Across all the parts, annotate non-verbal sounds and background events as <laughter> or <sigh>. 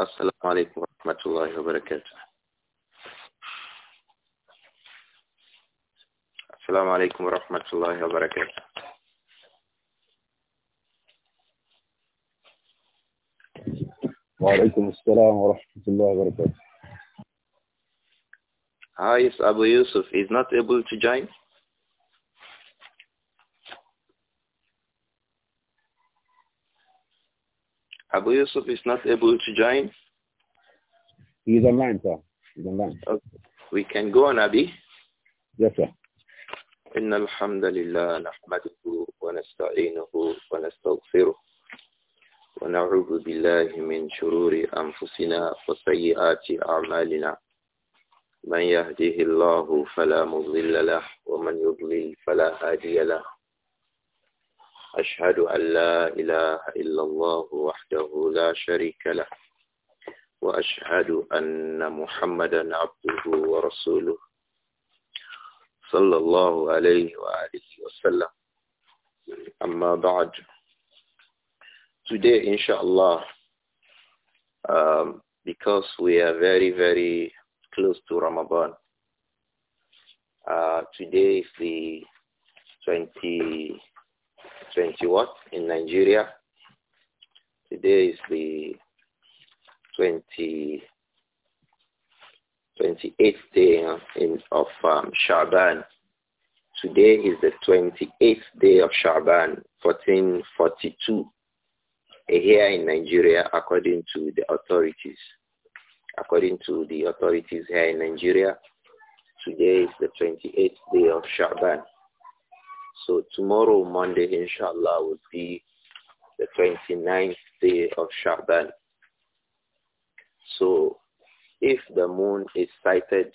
Assalamu alaikum wa rahmatullahi Assalamu alaikum wa rahmatullahi wa alaikum assalam wa rahmatullahi Hi, it's Abu Yusuf. is not able to join? Abu Yusuf is not able to join? He's online, sir. He's online. Okay. We can go on, Abi? Yes, sir. إن الحمد لله نحمده ونستعينه ونستغفره ونعوذ بالله من شرور أنفسنا وسيئات أعمالنا من يهده الله فلا مضل له ومن يضلل فلا هادي له أشهد أن لا إله إلا الله وحده لا شريك له وأشهد أن محمدا عبده ورسوله صلى الله عليه وآله وسلم أما بعد Today, inshallah, um, because we are very, very close to Ramadan, uh, today is the 20, 20 what in Nigeria? Today is the 20, 28th day uh, in, of um, Shaban. Today is the 28th day of Shaban, 1442, here in Nigeria, according to the authorities. According to the authorities here in Nigeria, today is the 28th day of Shaban. So tomorrow, Monday, inshallah, will be the 29th day of Sha'ban. So if the moon is sighted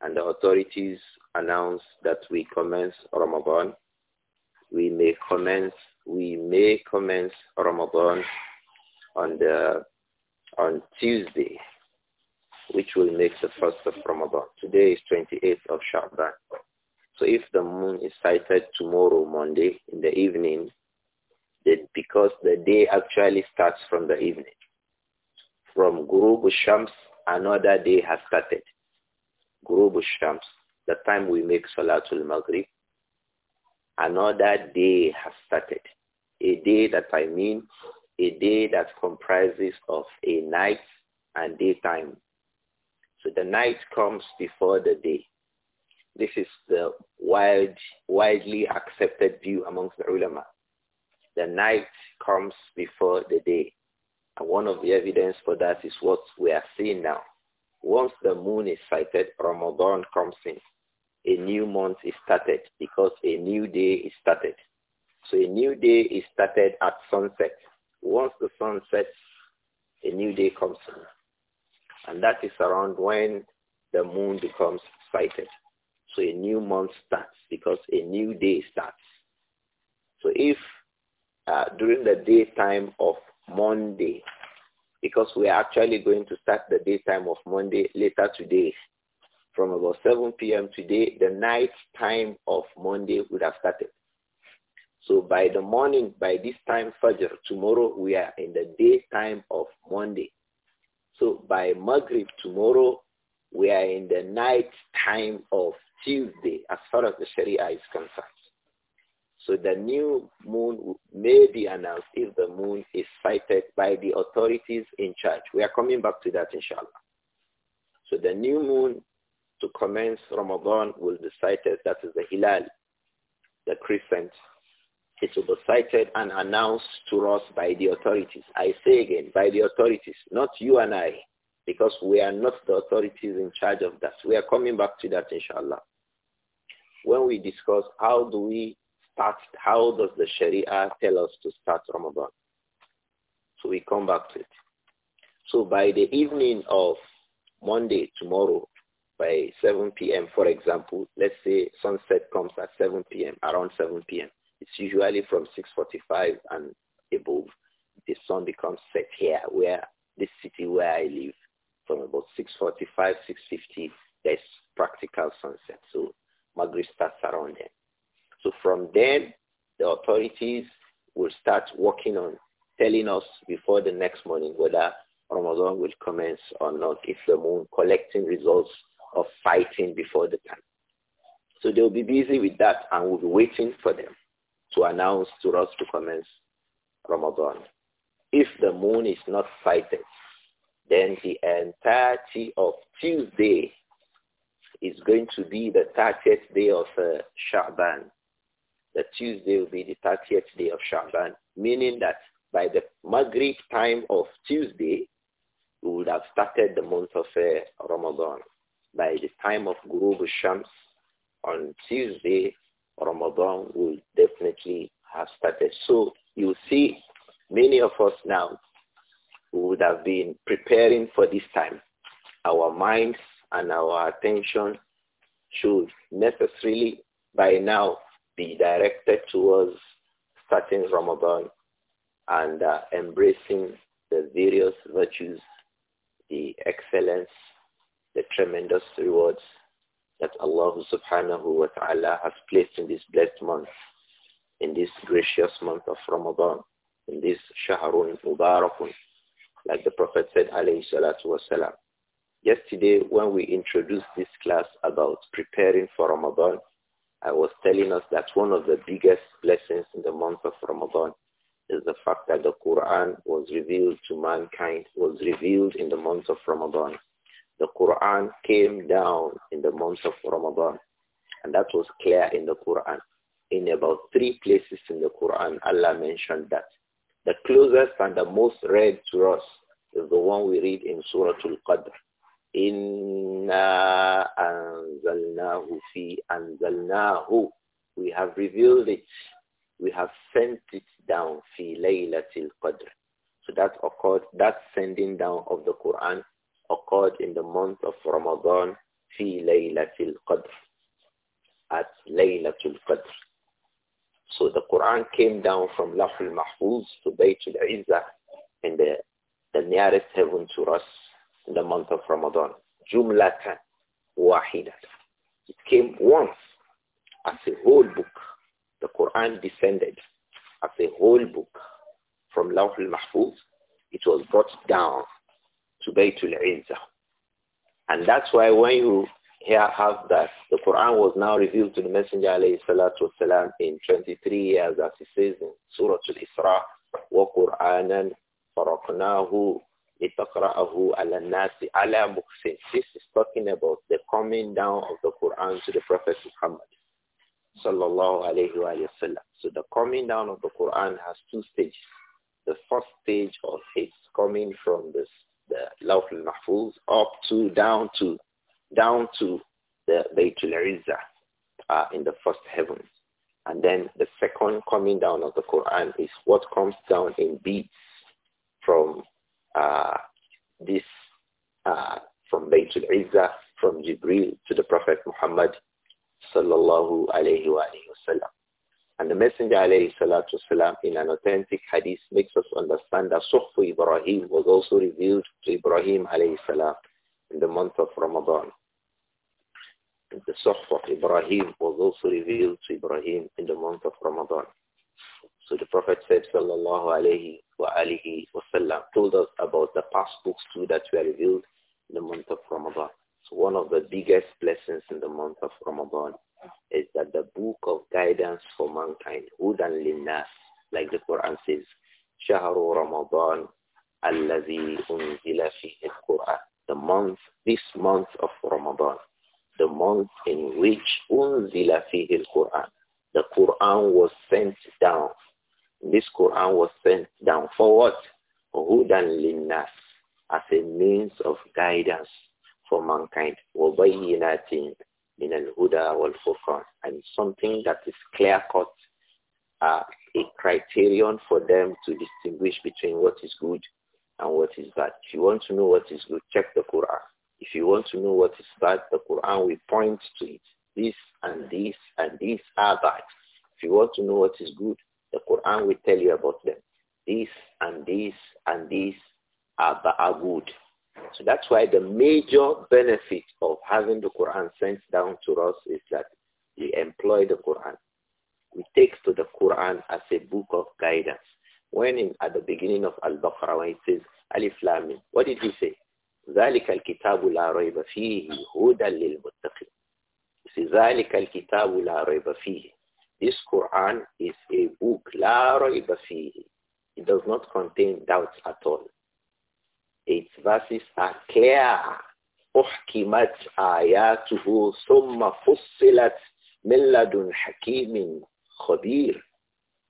and the authorities announce that we commence Ramadan, we may commence we may commence Ramadan on the on Tuesday, which will make the first of Ramadan. Today is 28th of Sha'ban. So if the moon is sighted tomorrow, Monday, in the evening, that because the day actually starts from the evening. From Guru another day has started. Guru Shams, the time we make Salatul Maghrib, another day has started. A day that I mean, a day that comprises of a night and daytime. So the night comes before the day. This is the wide, widely accepted view amongst the ulama. The night comes before the day. And one of the evidence for that is what we are seeing now. Once the moon is sighted, Ramadan comes in. A new month is started because a new day is started. So a new day is started at sunset. Once the sun sets, a new day comes in. And that is around when the moon becomes sighted. So a new month starts because a new day starts. So if uh, during the daytime of Monday, because we are actually going to start the daytime of Monday later today, from about 7 p.m. today, the night time of Monday would have started. So by the morning, by this time, Fajr, tomorrow we are in the daytime of Monday. So by Maghrib tomorrow, we are in the night time of Tuesday as far as the Sharia is concerned. So the new moon may be announced if the moon is sighted by the authorities in charge. We are coming back to that inshallah. So the new moon to commence Ramadan will be sighted. That is the Hilal, the crescent. It will be cited and announced to us by the authorities. I say again, by the authorities, not you and I because we are not the authorities in charge of that. We are coming back to that, inshallah. When we discuss how do we start, how does the Sharia tell us to start Ramadan? So we come back to it. So by the evening of Monday, tomorrow, by 7 p.m., for example, let's say sunset comes at 7 p.m., around 7 p.m. It's usually from 6.45 and above. The sun becomes set here, where this city where I live from about 6.45, 6.50, there's practical sunset. So Maghrib starts around then. So from then, the authorities will start working on telling us before the next morning whether Ramadan will commence or not if the moon collecting results of fighting before the time. So they'll be busy with that and we'll be waiting for them to announce to us to commence Ramadan. If the moon is not sighted, then the entirety of Tuesday is going to be the 30th day of uh, Shaban. The Tuesday will be the 30th day of Shaban, meaning that by the Maghrib time of Tuesday, we would have started the month of uh, Ramadan. By the time of Guru Shams on Tuesday, Ramadan will definitely have started. So you see, many of us now, we would have been preparing for this time. Our minds and our attention should necessarily by now be directed towards starting Ramadan and uh, embracing the various virtues, the excellence, the tremendous rewards that Allah subhanahu wa ta'ala has placed in this blessed month, in this gracious month of Ramadan, in this Shahrun Mubarakun like the Prophet said, wasalam. Yesterday, when we introduced this class about preparing for Ramadan, I was telling us that one of the biggest blessings in the month of Ramadan is the fact that the Quran was revealed to mankind, was revealed in the month of Ramadan. The Quran came down in the month of Ramadan, and that was clear in the Quran. In about three places in the Quran, Allah mentioned that. The closest and the most read to us is the one we read in Surah Al-Qadr. Inna anzalnahu fi anzalnahu. We have revealed it. We have sent it down fi laylatil qadr. So that occurred, that sending down of the Quran occurred in the month of Ramadan fi laylatil qadr. At laylatul qadr. So the Quran came down from Lahul Mahfuz to Baytul Izzah in the, the nearest heaven to us in the month of Ramadan. Jumlatan wahidatan. It came once as a whole book. The Quran descended as a whole book from Lawhul Mahfuz. It was brought down to Baytul Izzah. And that's why when you here have that the Quran was now revealed to the Messenger alayhi salatu in 23 years as it says in Surah Al-Isra وَقُرْآنًا فَرَقْنَاهُ لِتَقْرَأَهُ عَلَى النَّاسِ عَلَى مُحْسِنٍ This is talking about the coming down of the Quran to the Prophet Muhammad sallallahu alayhi wa sallam. So the coming down of the Quran has two stages. The first stage of its coming from this, the Lawful Mahfuz up to down to down to the Baitul Izzah uh, in the first heavens. And then the second coming down of the Quran is what comes down in beats from uh, this, uh, from Baitul Izzah, from Jibril to the Prophet Muhammad sallallahu alayhi wa sallam. And the Messenger alayhi salatu wasalam in an authentic hadith makes us understand that Suhfu Ibrahim was also revealed to Ibrahim alayhi salam in the month of Ramadan. The Suhf of Ibrahim was also revealed to Ibrahim in the month of Ramadan. So the Prophet said, Sallallahu Alaihi Wa Alihi Wasallam, told us about the past books too that were revealed in the month of Ramadan. So one of the biggest blessings in the month of Ramadan is that the book of guidance for mankind, Hudan Linnas, like the Quran says, شهر رمضان الذي أنزل فيه القرآن the month, this month of Ramadan, the month in which unzila fihi al-Quran, the Quran was sent down. This Quran was sent down for what? Hudan linnas, as a means of guidance for mankind. وَبَيِّنَاتٍ مِنَ الْهُدَى وَالْفُرْقَانِ And something that is clear-cut, uh, a criterion for them to distinguish between what is good and what is bad. If you want to know what is good, check the Quran. If you want to know what is bad, the Quran will point to it. This and this and these are bad. If you want to know what is good, the Quran will tell you about them. This and this and this are, are good. So that's why the major benefit of having the Quran sent down to us is that we employ the Quran. We take to the Quran as a book of guidance. When in, at the beginning of Al-Baqarah, when it says Alif Lam, what did he say? ذلك الكتاب لا ريب فيه هدى للمتقين. ذلك الكتاب لا ريب فيه. This Quran is a book لا ريب فيه. It does not contain doubts at all. Its verses are clear. أحكمت آياته ثم فصلت من لدن حكيم خبير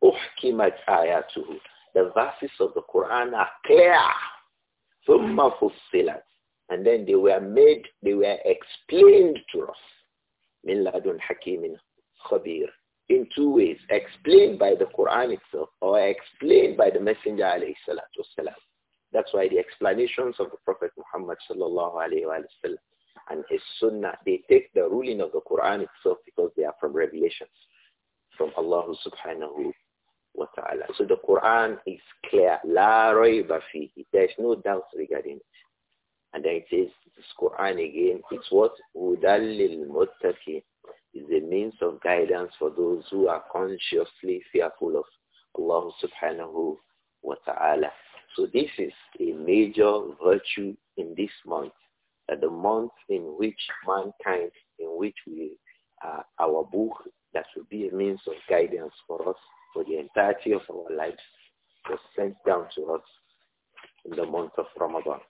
أحكمت آياته the verses of the Quran are clear ثم فصلت and then they were made they were explained to us من لدن حكيم خبير in two ways explained by the Quran itself or explained by the messenger alayhi salatu wasalam that's why the explanations of the prophet muhammad sallallahu alayhi wa sallam and his sunnah, they take the ruling of the Quran itself because they are from revelations from Allah subhanahu wa ta'ala. So the Quran is clear. La rayba fihi. There is no doubt regarding it. And then it says, this Quran again, it's what? udallil muttaqin is a means of guidance for those who are consciously fearful of Allah subhanahu wa ta'ala. So this is a major virtue in this month, that the month in which mankind, in which we, uh, our book, that will be a means of guidance for us for the entirety of our lives was sent down to us in the month of Ramadan.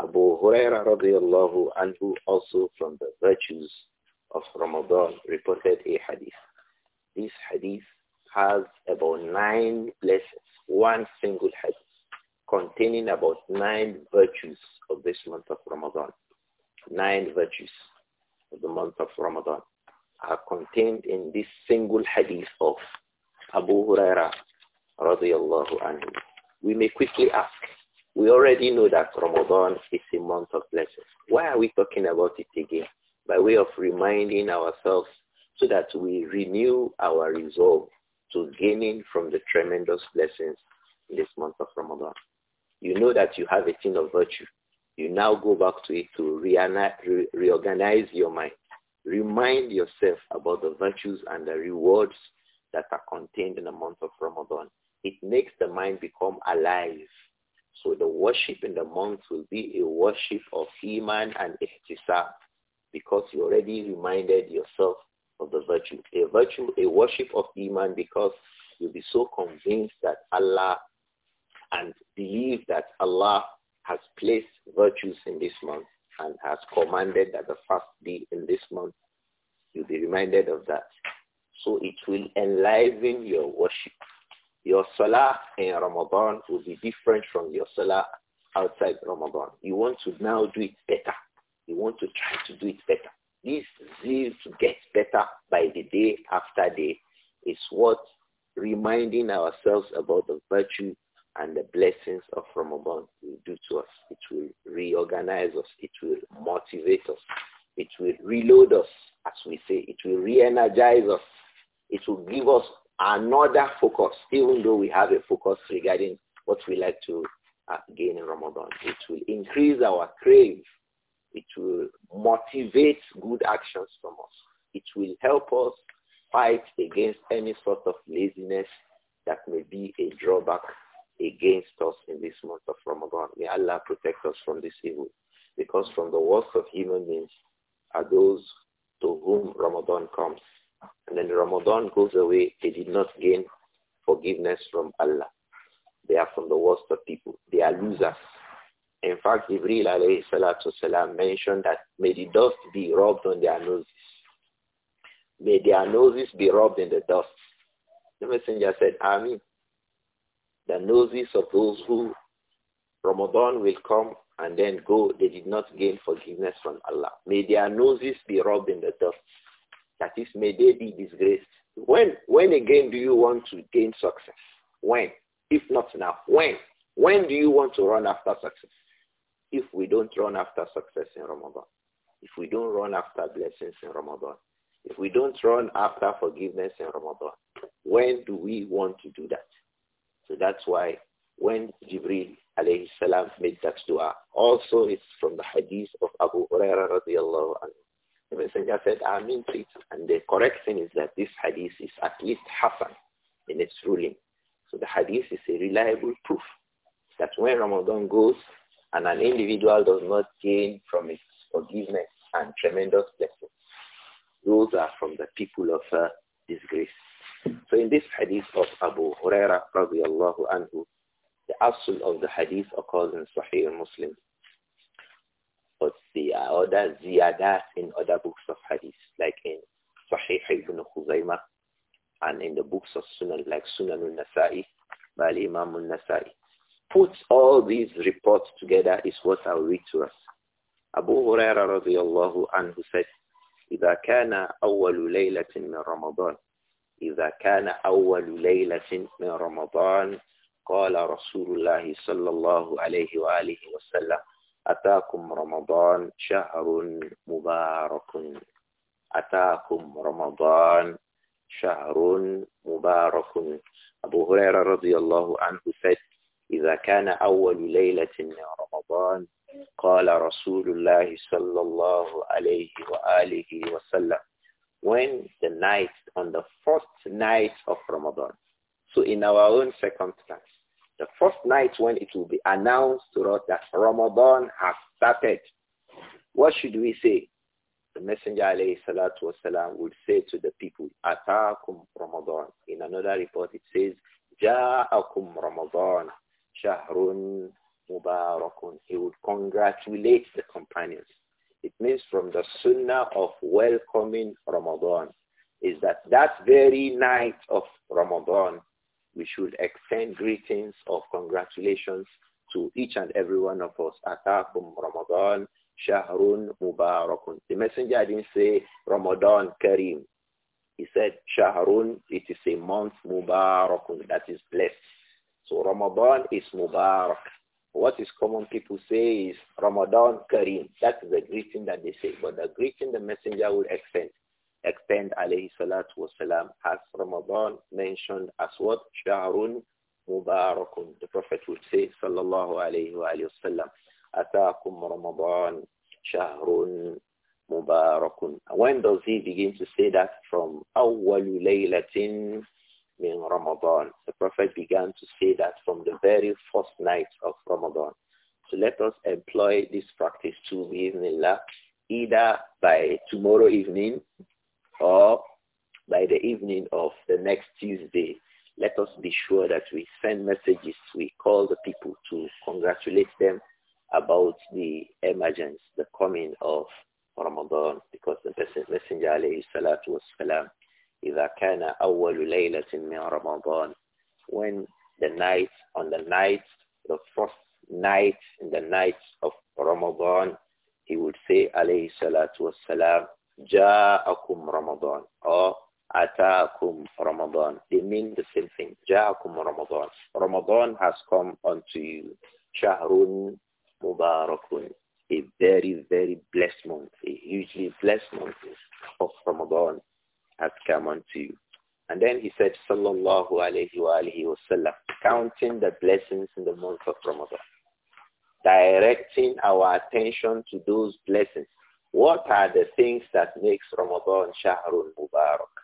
Abu Huraira radiallahu anhu also from the virtues of Ramadan reported a hadith. This hadith has about nine blessings, one single hadith containing about nine virtues of this month of Ramadan. Nine virtues of the month of Ramadan are contained in this single hadith of Abu Huraira radiallahu anhu. We may quickly ask, we already know that Ramadan is a month of blessings. Why are we talking about it again? By way of reminding ourselves so that we renew our resolve to gaining from the tremendous blessings in this month of Ramadan. You know that you have a thing of virtue. You now go back to it to re reorganize your mind. Remind yourself about the virtues and the rewards that are contained in the month of Ramadan. It makes the mind become alive. So the worship in the month will be a worship of Iman and Ihtisab because you already reminded yourself of the virtue. A virtue, a worship of Iman because you'll be so convinced that Allah and believe that Allah has placed virtues in this month and has commanded that the fast be in this month. You'll be reminded of that. So it will enliven your worship. Your salah in Ramadan will be different from your salah outside Ramadan. You want to now do it better. You want to try to do it better. This zeal to get better by the day after day is what reminding ourselves about the virtue and the blessings of Ramadan will do to us. It will reorganize us. It will motivate us. It will reload us, as we say. It will re-energize us it will give us another focus, even though we have a focus regarding what we like to uh, gain in Ramadan. It will increase our crave. It will motivate good actions from us. It will help us fight against any sort of laziness that may be a drawback against us in this month of Ramadan. May Allah protect us from this evil. Because from the worst of human beings are those to whom Ramadan comes. And then Ramadan goes away, they did not gain forgiveness from Allah. They are from the worst of people. They are losers. In fact, Ibril alayhi salatu salam mentioned that may the dust be rubbed on their noses. May their noses be rubbed in the dust. The messenger said, Amin. The noses of those who Ramadan will come and then go, they did not gain forgiveness from Allah. May their noses be rubbed in the dust. That is, may they be disgraced. When, when again do you want to gain success? When? If not now, when? When do you want to run after success? If we don't run after success in Ramadan, if we don't run after blessings in Ramadan, if we don't run after forgiveness in Ramadan, when do we want to do that? So that's why when Jibril alayhi salam made that dua, also it's from the hadith of Abu Hurairah radiallahu anhu the messenger said, mean it." And the correct thing is that this hadith is at least Hassan in its ruling. So the hadith is a reliable proof that when Ramadan goes and an individual does not gain from its forgiveness and tremendous blessings, those are from the people of uh, disgrace. So in this hadith of Abu Huraira anhu, the absolute of the hadith occurs in Sahih Muslim but there are uh, other ziyadat in other books of hadith, like in Sahih ibn Khuzaymah and in the books of Sunan, like Sunan al-Nasa'i by Imam al-Nasa'i. Puts all these reports together is what I'll read to us. Abu Huraira radiallahu anhu said, إذا كان أول ليلة من رمضان إذا كان أول ليلة من رمضان قال رسول الله صلى الله عليه وآله وسلم أتاكم رمضان شهر مبارك أتاكم رمضان شهر مبارك أبو هريرة رضي الله عنه said إذا كان أول ليلة من رمضان قال رسول الله صلى الله عليه وآله وسلم when the night on the first night of Ramadan so in our own circumstance the first night when it will be announced to us that Ramadan has started, what should we say? The Messenger alayhi salatu would say to the people, Atakum Ramadan. In another report it says, Ja'akum Ramadan, Shahrun Mubarakun. He would congratulate the companions. It means from the sunnah of welcoming Ramadan is that that very night of Ramadan we should extend greetings of congratulations to each and every one of us. Atakum Ramadan, Shahrun Mubarakun. The messenger didn't say Ramadan Kareem. He said Shahrun, it is a month Mubarakun, that is blessed. So Ramadan is Mubarak. What is common people say is Ramadan Kareem. That is the greeting that they say. But the greeting the messenger will extend extend alayhi salatu wasalam as Ramadan mentioned as what? Sha'run Mubarakun. The Prophet would say sallallahu alayhi wa sallam Ataakum Ramadan Sha'run Mubarakun. When does he begin to say that? From awwalu laylatin min Ramadan. The Prophet began to say that from the very first night of Ramadan. So let us employ this practice to be in Allah either by tomorrow evening or by the evening of the next Tuesday, let us be sure that we send messages, we call the people to congratulate them about the emergence, the coming of Ramadan, because the Messenger alayhi salatu wasalam, إذا كان أول ليلة من رمضان, when the night, on the night, the first night, in the night of Ramadan, he would say alayhi salatu salam.'" Ja'akum Ramadan or Ataakum Ramadan. They mean the same thing. Ja'akum Ramadan. Ramadan has come unto you. Shahrun Mubarakun. A very, very blessed month, a hugely blessed month of Ramadan has come unto you. And then he said, Sallallahu alaihi wasallam," wa sallam, counting the blessings in the month of Ramadan, directing our attention to those blessings what are the things that makes Ramadan Shahrun Mubarak?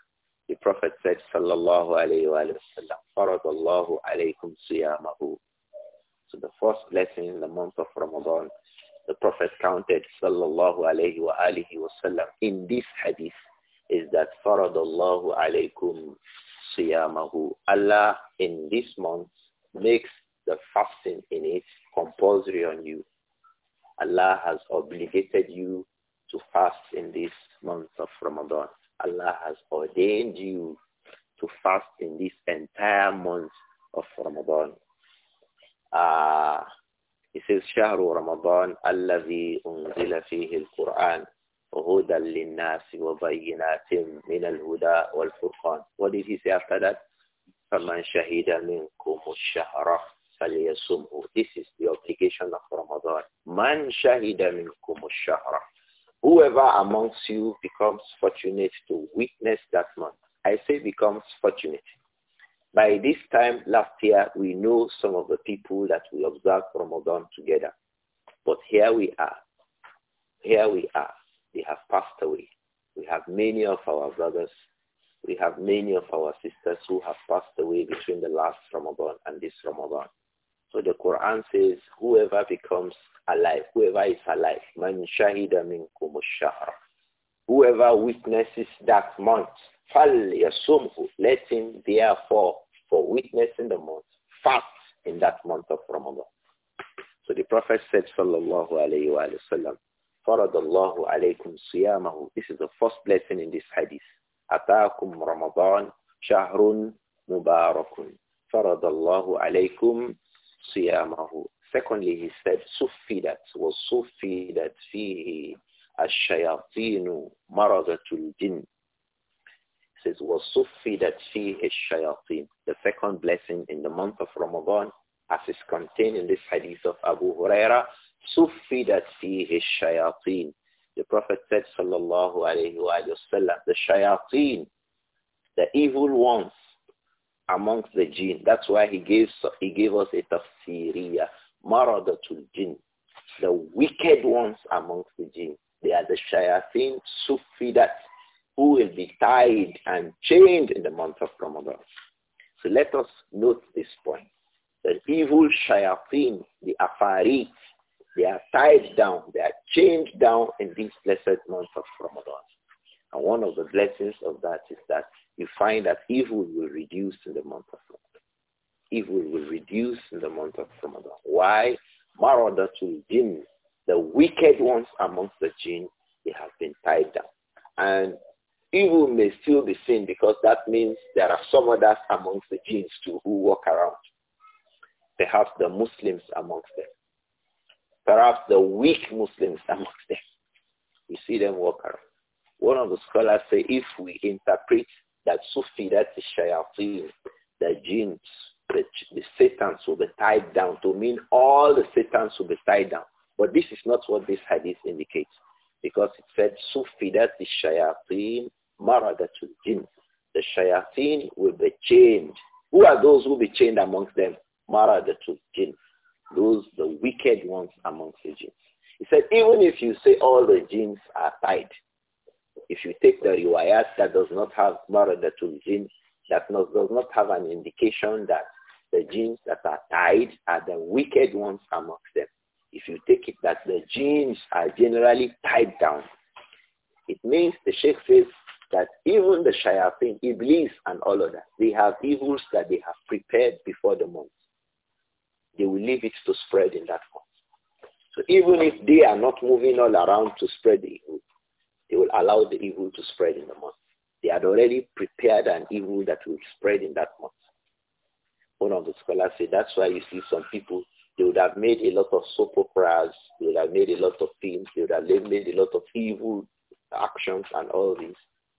The Prophet said, Sallallahu Alaihi Wasallam, Faradallahu Alaikum Siyamahu. So the first blessing in the month of Ramadan, the Prophet counted, Sallallahu Alaihi wa Wasallam, in this hadith, is that Faradallahu Alaikum Siyamahu. Allah in this month makes the fasting in it compulsory on you. Allah has obligated you to fast in this month of Ramadan. Allah has ordained you to fast in this entire month of Ramadan. Uh, it says, شهر رمضان الذي أنزل فيه القرآن هدى للناس وبينات من الهدى والفرقان. What did he say after that? فمن شهد منكم الشهر فليصمه. This is the obligation of Ramadan. من شهد منكم الشهر Whoever amongst you becomes fortunate to witness that month, I say becomes fortunate. By this time last year, we know some of the people that we observed Ramadan together. But here we are. Here we are. They have passed away. We have many of our brothers. We have many of our sisters who have passed away between the last Ramadan and this Ramadan. So the Quran says, whoever becomes alive, whoever is alive, man shahida minkum shahr whoever witnesses that month, yasumhu. Let him therefore, for witnessing the month, fast in that month of Ramadan. So the Prophet said, sallallahu alayhi wa sallam, فرض الله This is the first blessing in this hadith. أتاكم رمضان شهر مبارك. فرض الله عليكم siyamahu. Secondly, he said, sufidat was sufidat fihi ash-shayatinu maradatul jinn. He says, was sufidat fihi ash-shayatin. The second blessing in the month of Ramadan, as is contained in this hadith of Abu Huraira, sufidat fihi ash-shayatin. The Prophet said, sallallahu alaihi wasallam," the shayatin, the evil ones, amongst the jinn. That's why he gave, he gave us a tafsiriyah, maradatul jinn, the wicked ones amongst the jinn. They are the shayateen sufidat who will be tied and chained in the month of Ramadan. So let us note this point. The evil shayateen, the afarit, they are tied down, they are chained down in this blessed month of Ramadan. And one of the blessings of that is that you find that evil will reduce in the month of Ramadan. Evil will reduce in the month of Ramadan. Why? Maradatul jinn, the wicked ones amongst the jinn, they have been tied down. And evil may still be seen because that means there are some others amongst the jinns too who walk around. Perhaps the Muslims amongst them. Perhaps the weak Muslims amongst them. You see them walk around. One of the scholars say if we interpret that sufidat shayateen, the jinns, the, the satans will be tied down, to mean all the satans will be tied down. But this is not what this hadith indicates because it said the shayateen maradatul jinn. The shayateen will be chained. Who are those who will be chained amongst them? Maradatul jinn. Those, the wicked ones amongst the jinns. He said, even if you say all the jinns are tied, if you take the riwayat that does not have maradatul jinn, that not, does not have an indication that the genes that are tied are the wicked ones amongst them. If you take it that the genes are generally tied down, it means the Sheikh says that even the shayateen, Iblis and all of that, they have evils that they have prepared before the month. They will leave it to spread in that month. So even if they are not moving all around to spread the evil, they will allow the evil to spread in the month. They had already prepared an evil that will spread in that month. One of the scholars said that's why you see some people, they would have made a lot of soap operas, they would have made a lot of things. they would have made a lot of evil actions and all this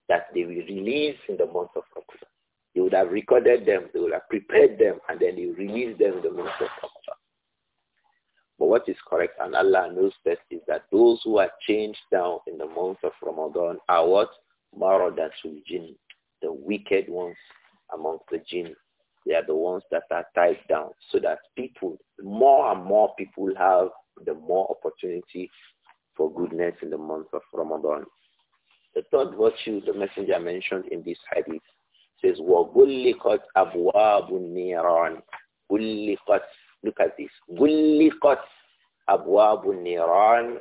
that they will release in the month of Ramadan. They would have recorded them, they would have prepared them, and then they release them in the month of Ramadan. But what is correct and Allah knows best is that those who are changed down in the month of Ramadan are what? Maradatul jinn, the wicked ones amongst the jinn. They are the ones that are tied down so that people, more and more people have the more opportunity for goodness in the month of Ramadan. The third virtue the messenger mentioned in this hadith says, وَغُلِّقَتْ أَبْوَابُ النِّيرَانِ غُلِّقَتْ Look at this. غُلِّقَتْ أَبْوَابُ النِّيرَانِ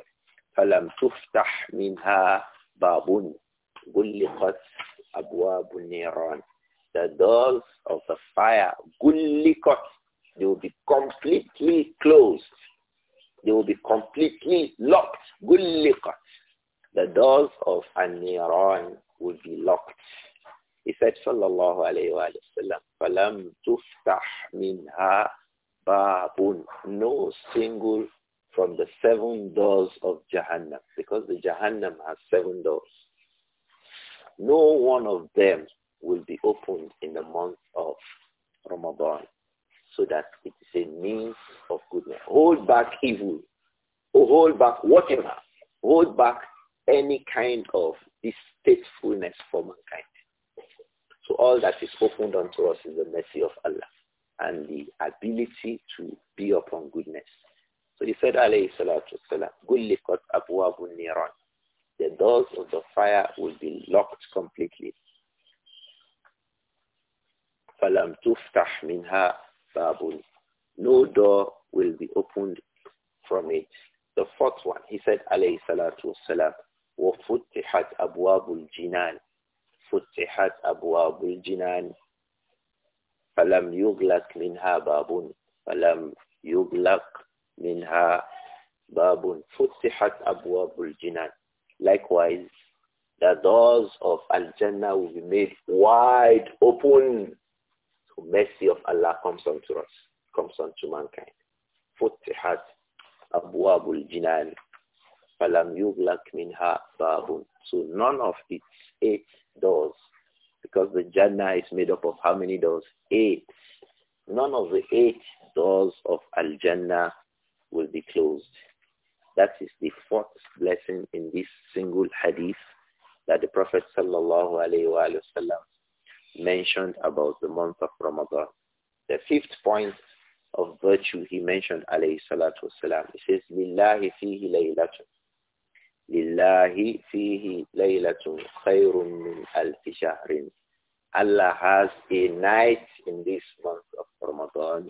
فَلَمْ تُفْتَحْ مِنْهَا بَابٌ غُلِّقَتْ أَبْوَابُ النِّيرَانِ The doors of the fire, غُلِّقَتْ They will be completely closed. They will be completely locked. غُلِّقَتْ The doors of an-niran will be locked. He said, sallallahu فَلَمْ تُفْتَحْ مِنْهَا Babun. No single from the seven doors of Jahannam, because the Jahannam has seven doors. No one of them will be opened in the month of Ramadan, so that it is a means of goodness. Hold back evil, or hold back whatever, hold back any kind of distastefulness for mankind. So all that is opened unto us is the mercy of Allah and the ability to be upon goodness. So he said, alayhi salatu wasalam, Gullikat Abu niran. The doors of the fire will be locked completely. Falam tuftah minha babun. No door will be opened from it. The fourth one, he said, alayhi salatu wasalam, وفتحت أبواب الجنان فتحت أبواب الجنان فَلَمْ يُغْلَقْ مِنْهَا بَابٌ فَلَمْ يُغْلَقْ مِنْهَا بَابٌ فُتِحَتْ أَبْوَابُ الْجِنَانِ Likewise, the doors of Al-Jannah will be made wide open. So mercy of Allah comes unto us, comes unto mankind. فُتِحَتْ أَبْوَابُ الْجِنَانِ فَلَمْ يُغْلَقْ مِنْهَا بَابٌ So none of its eight doors because the Jannah is made up of how many doors? Eight. None of the eight doors of Al-Jannah will be closed. That is the fourth blessing in this single hadith that the Prophet sallallahu alaihi wasallam mentioned about the month of Ramadan. The fifth point of virtue he mentioned alayhi salatu wasalam. He says, Lillahi fihi laylatun. Lillahi fihi laylatun khayrun min alfi shahrin. Allah has a night in this month of Ramadan.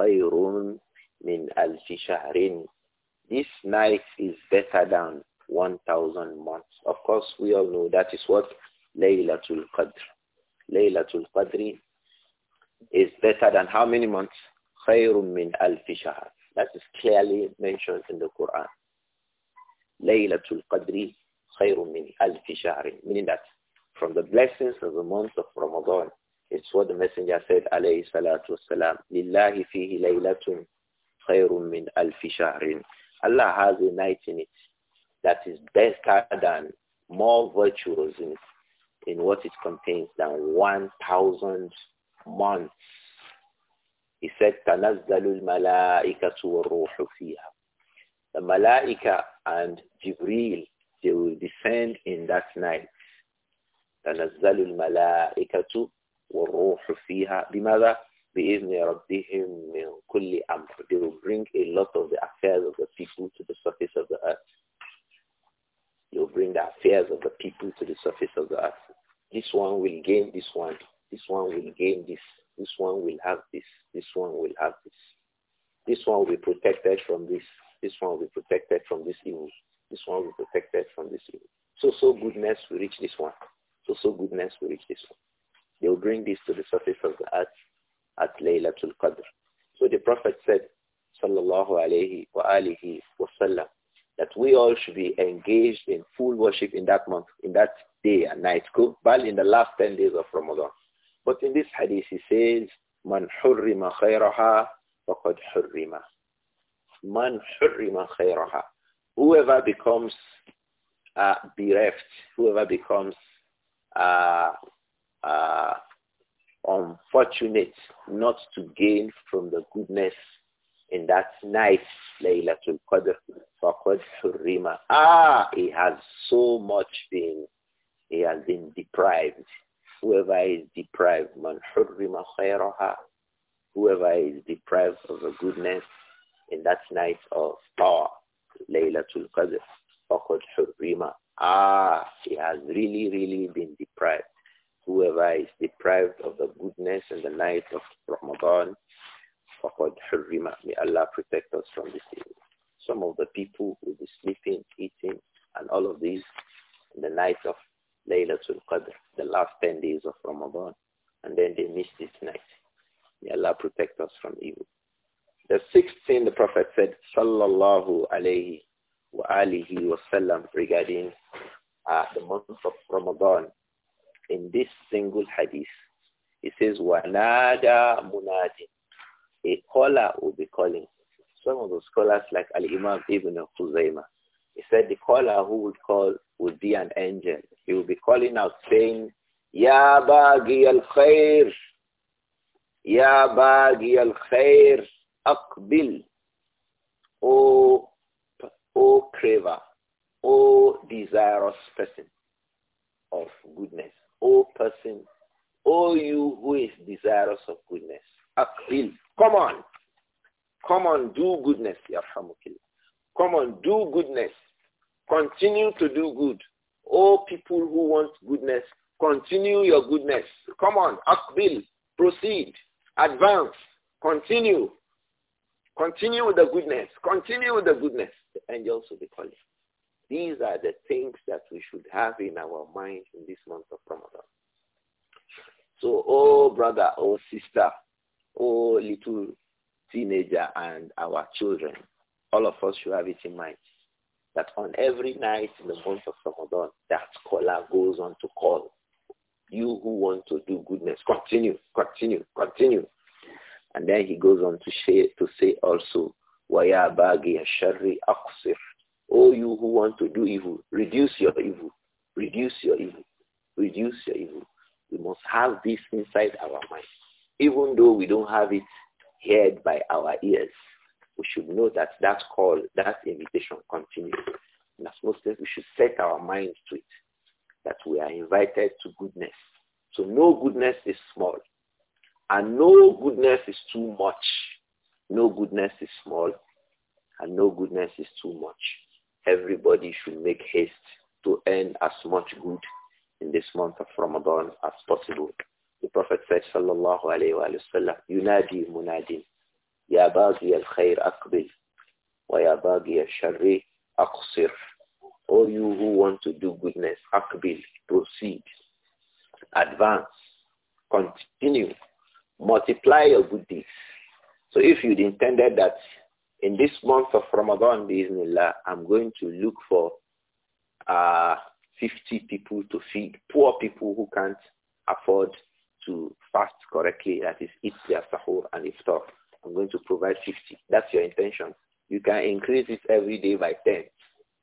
Khayrun min alfi shahrin. This night is better than 1,000 months. Of course, we all know that is what Laylatul Qadr. Laylatul Qadr is better than how many months? Khayrun min alfi shahr. That is clearly mentioned in the Quran. Laylatul Qadr khayrun min alfi shahrin. Meaning that from the blessings of the month of Ramadan, it's what the Messenger said, alayhi salatu wasalam, lillahi fihi laylatun khayrun min alfi shahrin. Allah has a night in it that is better than, more virtuous in, in what it contains than 1,000 months. He said, تَنَزَّلُ الْمَلَائِكَةُ وَالرُّوحُ fiha. The Malaika and Jibril, they will descend in that night. تنزل الملائكة والروح فيها بماذا؟ بإذن ربهم من كل أمر. They will bring a lot of the affairs of the people to the surface of the earth. They will bring the affairs of the people to the surface of the earth. This one will gain this one. This one will gain this. This one will have this. This one will have this. This one will be protected from this. This one will be protected from this evil. This one will be protected from this evil. So, so goodness will reach this one. So, goodness will reach this one. They will bring this to the surface of the earth at Laylatul Qadr. So the Prophet said, sallallahu alayhi wa alihi wasallam, that we all should be engaged in full worship in that month, in that day and night, but in the last 10 days of Ramadan. But in this hadith, he says, man hurrima khayraha faqad hurrima. Man hurrima khayraha. Whoever becomes uh, bereft, whoever becomes are, uh, are uh, unfortunate not to gain from the goodness in that night, Laylatul Qadr, faqad hurrima. Ah, he has so much been, he has been deprived. Whoever is deprived, man hurrima khayraha, whoever is deprived of the goodness in that night of power, Laylatul Qadr, faqad hurrima. Ah, he has really, really been deprived. Whoever is deprived of the goodness and the light of Ramadan, May Allah protect us from this evil. Some of the people will be sleeping, eating, and all of these in the night of Laylatul Qadr, the last 10 days of Ramadan, and then they miss this night. May Allah protect us from evil. The sixth thing the Prophet said, sallallahu Alaihi wa alihi regarding uh, the month of Ramadan. In this single hadith, it says, Wanada munadin. A caller will be calling. Some of the scholars like Al-Imam Ibn Khuzaymah, he said the caller who would call would be an angel. He would be calling out saying, Ya Bagi al-Khair, Ya Bagi al-Khair, Akbil. Oh O craver, O desirous person of goodness, O person, O you who is desirous of goodness. Akbil, come on. Come on, do goodness, Yarhamukillah. Come on, do goodness. Continue to do good. O people who want goodness, continue your goodness. Come on, Akbil, proceed, advance, continue. Continue with the goodness. Continue with the goodness. The angels will be calling. These are the things that we should have in our mind in this month of Ramadan. So, oh brother, oh sister, oh little teenager and our children, all of us should have it in mind that on every night in the month of Ramadan, that caller goes on to call. You who want to do goodness, continue, continue, continue. And then he goes on to say, to say also, وَيَا بَاغِيَ ashari أَقْصِرْ Oh, you who want to do evil, reduce your evil. Reduce your evil. Reduce your evil. We must have this inside our mind. Even though we don't have it heard by our ears, we should know that that call, that invitation continues. And as Muslims, we should set our minds to it, that we are invited to goodness. So no goodness is small. And no goodness is too much. No goodness is small. And no goodness is too much. Everybody should make haste to earn as much good in this month of Ramadan as possible. The Prophet said, sallallahu Alaihi Wasallam, sallam, yunadi munadin, ya baghi al-khair akbil, wa ya baghi al-sharri aqsir. All you who want to do goodness, akbil, proceed, advance, continue multiply your good deeds. So if you'd intended that in this month of Ramadan, Bismillah, I'm going to look for uh, 50 people to feed poor people who can't afford to fast correctly, that is eat their sahur and iftar. I'm going to provide 50. That's your intention. You can increase it every day by 10.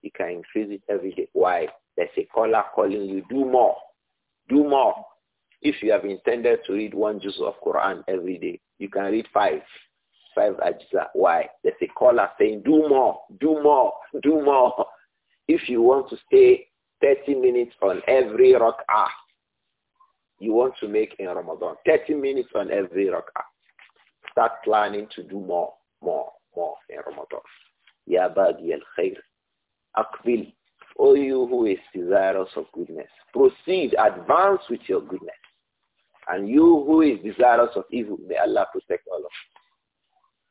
You can increase it every day. Why? There's a caller calling you. Do more. Do more. If you have intended to read one juice of Quran every day, you can read five, five ajza. Why? There's a caller saying, do more, do more, do more. If you want to stay 30 minutes on every rak'ah you want to make in Ramadan, 30 minutes on every rak'ah, start planning to do more, more, more in Ramadan. Ya Badi al-Khair, Akbil, O you who is desirous of goodness, proceed, advance with your goodness. And you who is desirous of evil, may Allah protect all of you.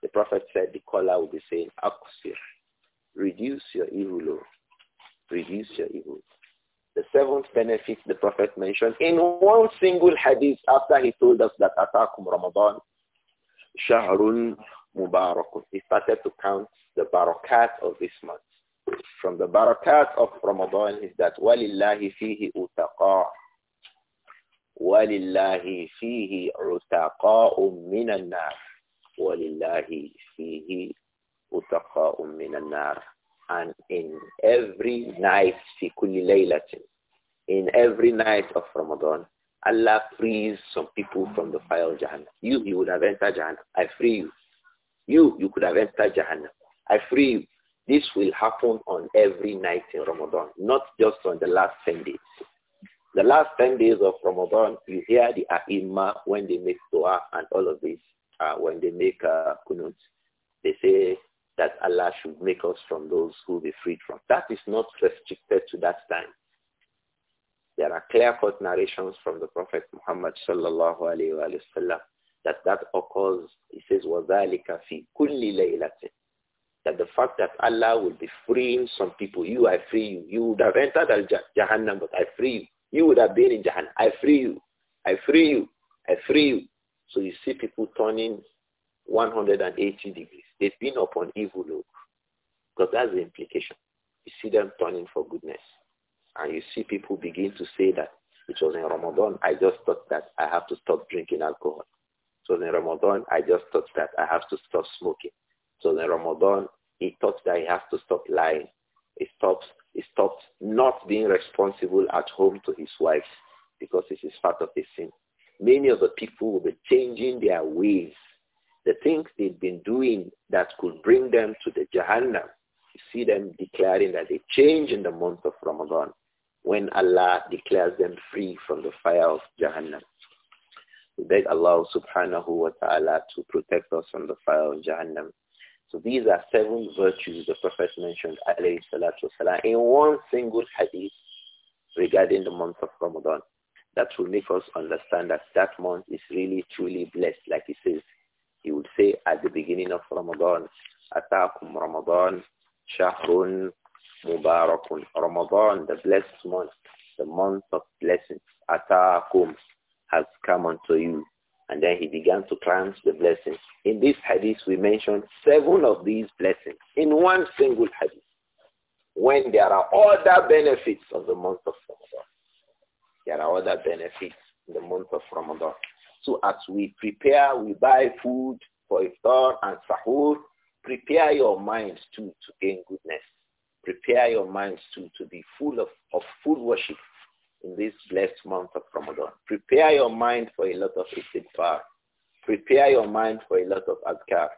The Prophet said the caller will be saying, Akusir, reduce your evil, Lord. Reduce your evil. The seventh benefit the Prophet mentioned in one single hadith after he told us that Atakum Ramadan, Shahrun Mubarakun. He started to count the barakat of this month. From the barakat of Ramadan is that وَلِلَّهِ فِيهِ أُتَقَاءُ وَلِلَّهِ فِيهِ عُتَقَاءٌ مِنَ النَّارِ وَلِلَّهِ فِيهِ عُتَقَاءٌ مِنَ النَّارِ And in every night, في كل ليلة, in every night of Ramadan, Allah frees some people from the fire of Jahannam. You, you would have entered Jahannam. I free you. You, you could have entered Jahannam. I free you. This will happen on every night in Ramadan, not just on the last 10 days. The last 10 days of Ramadan, you hear the ai when they make dua and all of this, uh, when they make uh, kunut, they say that Allah should make us from those who be freed from. That is not restricted to that time. There are clear-cut narrations from the Prophet Muhammad sallallahu alayhi wa sallam that that occurs. He says, وَذَلِكَ فِي كُلِّ لَيْلَةٍ that the fact that Allah will be freeing some people, you, I free you. You would have entered Al-Jahannam, but I free you you would have been in Jahannam. I free you. I free you. I free you. So you see people turning 180 degrees. They've been upon evil look. Because that's the implication. You see them turning for goodness. And you see people begin to say that it was in Ramadan, I just thought that I have to stop drinking alcohol. So in Ramadan, I just thought that I have to stop smoking. So in Ramadan, he thought that he has to stop lying. He stops he stopped not being responsible at home to his wife because this is part of the sin. Many of the people will be changing their ways. The things they've been doing that could bring them to the Jahannam, you see them declaring that they change in the month of Ramadan when Allah declares them free from the fire of Jahannam. We beg Allah subhanahu wa ta'ala to protect us from the fire of Jahannam. So these are seven virtues the Prophet mentioned in one single hadith regarding the month of Ramadan. That will make us understand that that month is really truly blessed. Like he says, he would say at the beginning of Ramadan, Atakum Ramadan, Shahrun Mubarakun. Ramadan, the blessed month, the month of blessings. Atakum has come unto you. And then he began to pronounce the blessings. In this hadith, we mentioned seven of these blessings in one single hadith. When there are other benefits of the month of Ramadan. There are other benefits in the month of Ramadan. So as we prepare, we buy food for iftar and sahur. Prepare your minds too to gain goodness. Prepare your minds too to be full of, of full worship in this blessed month of Ramadan. Prepare your mind for a lot of istighfar. Prepare your mind for a lot of adhkar.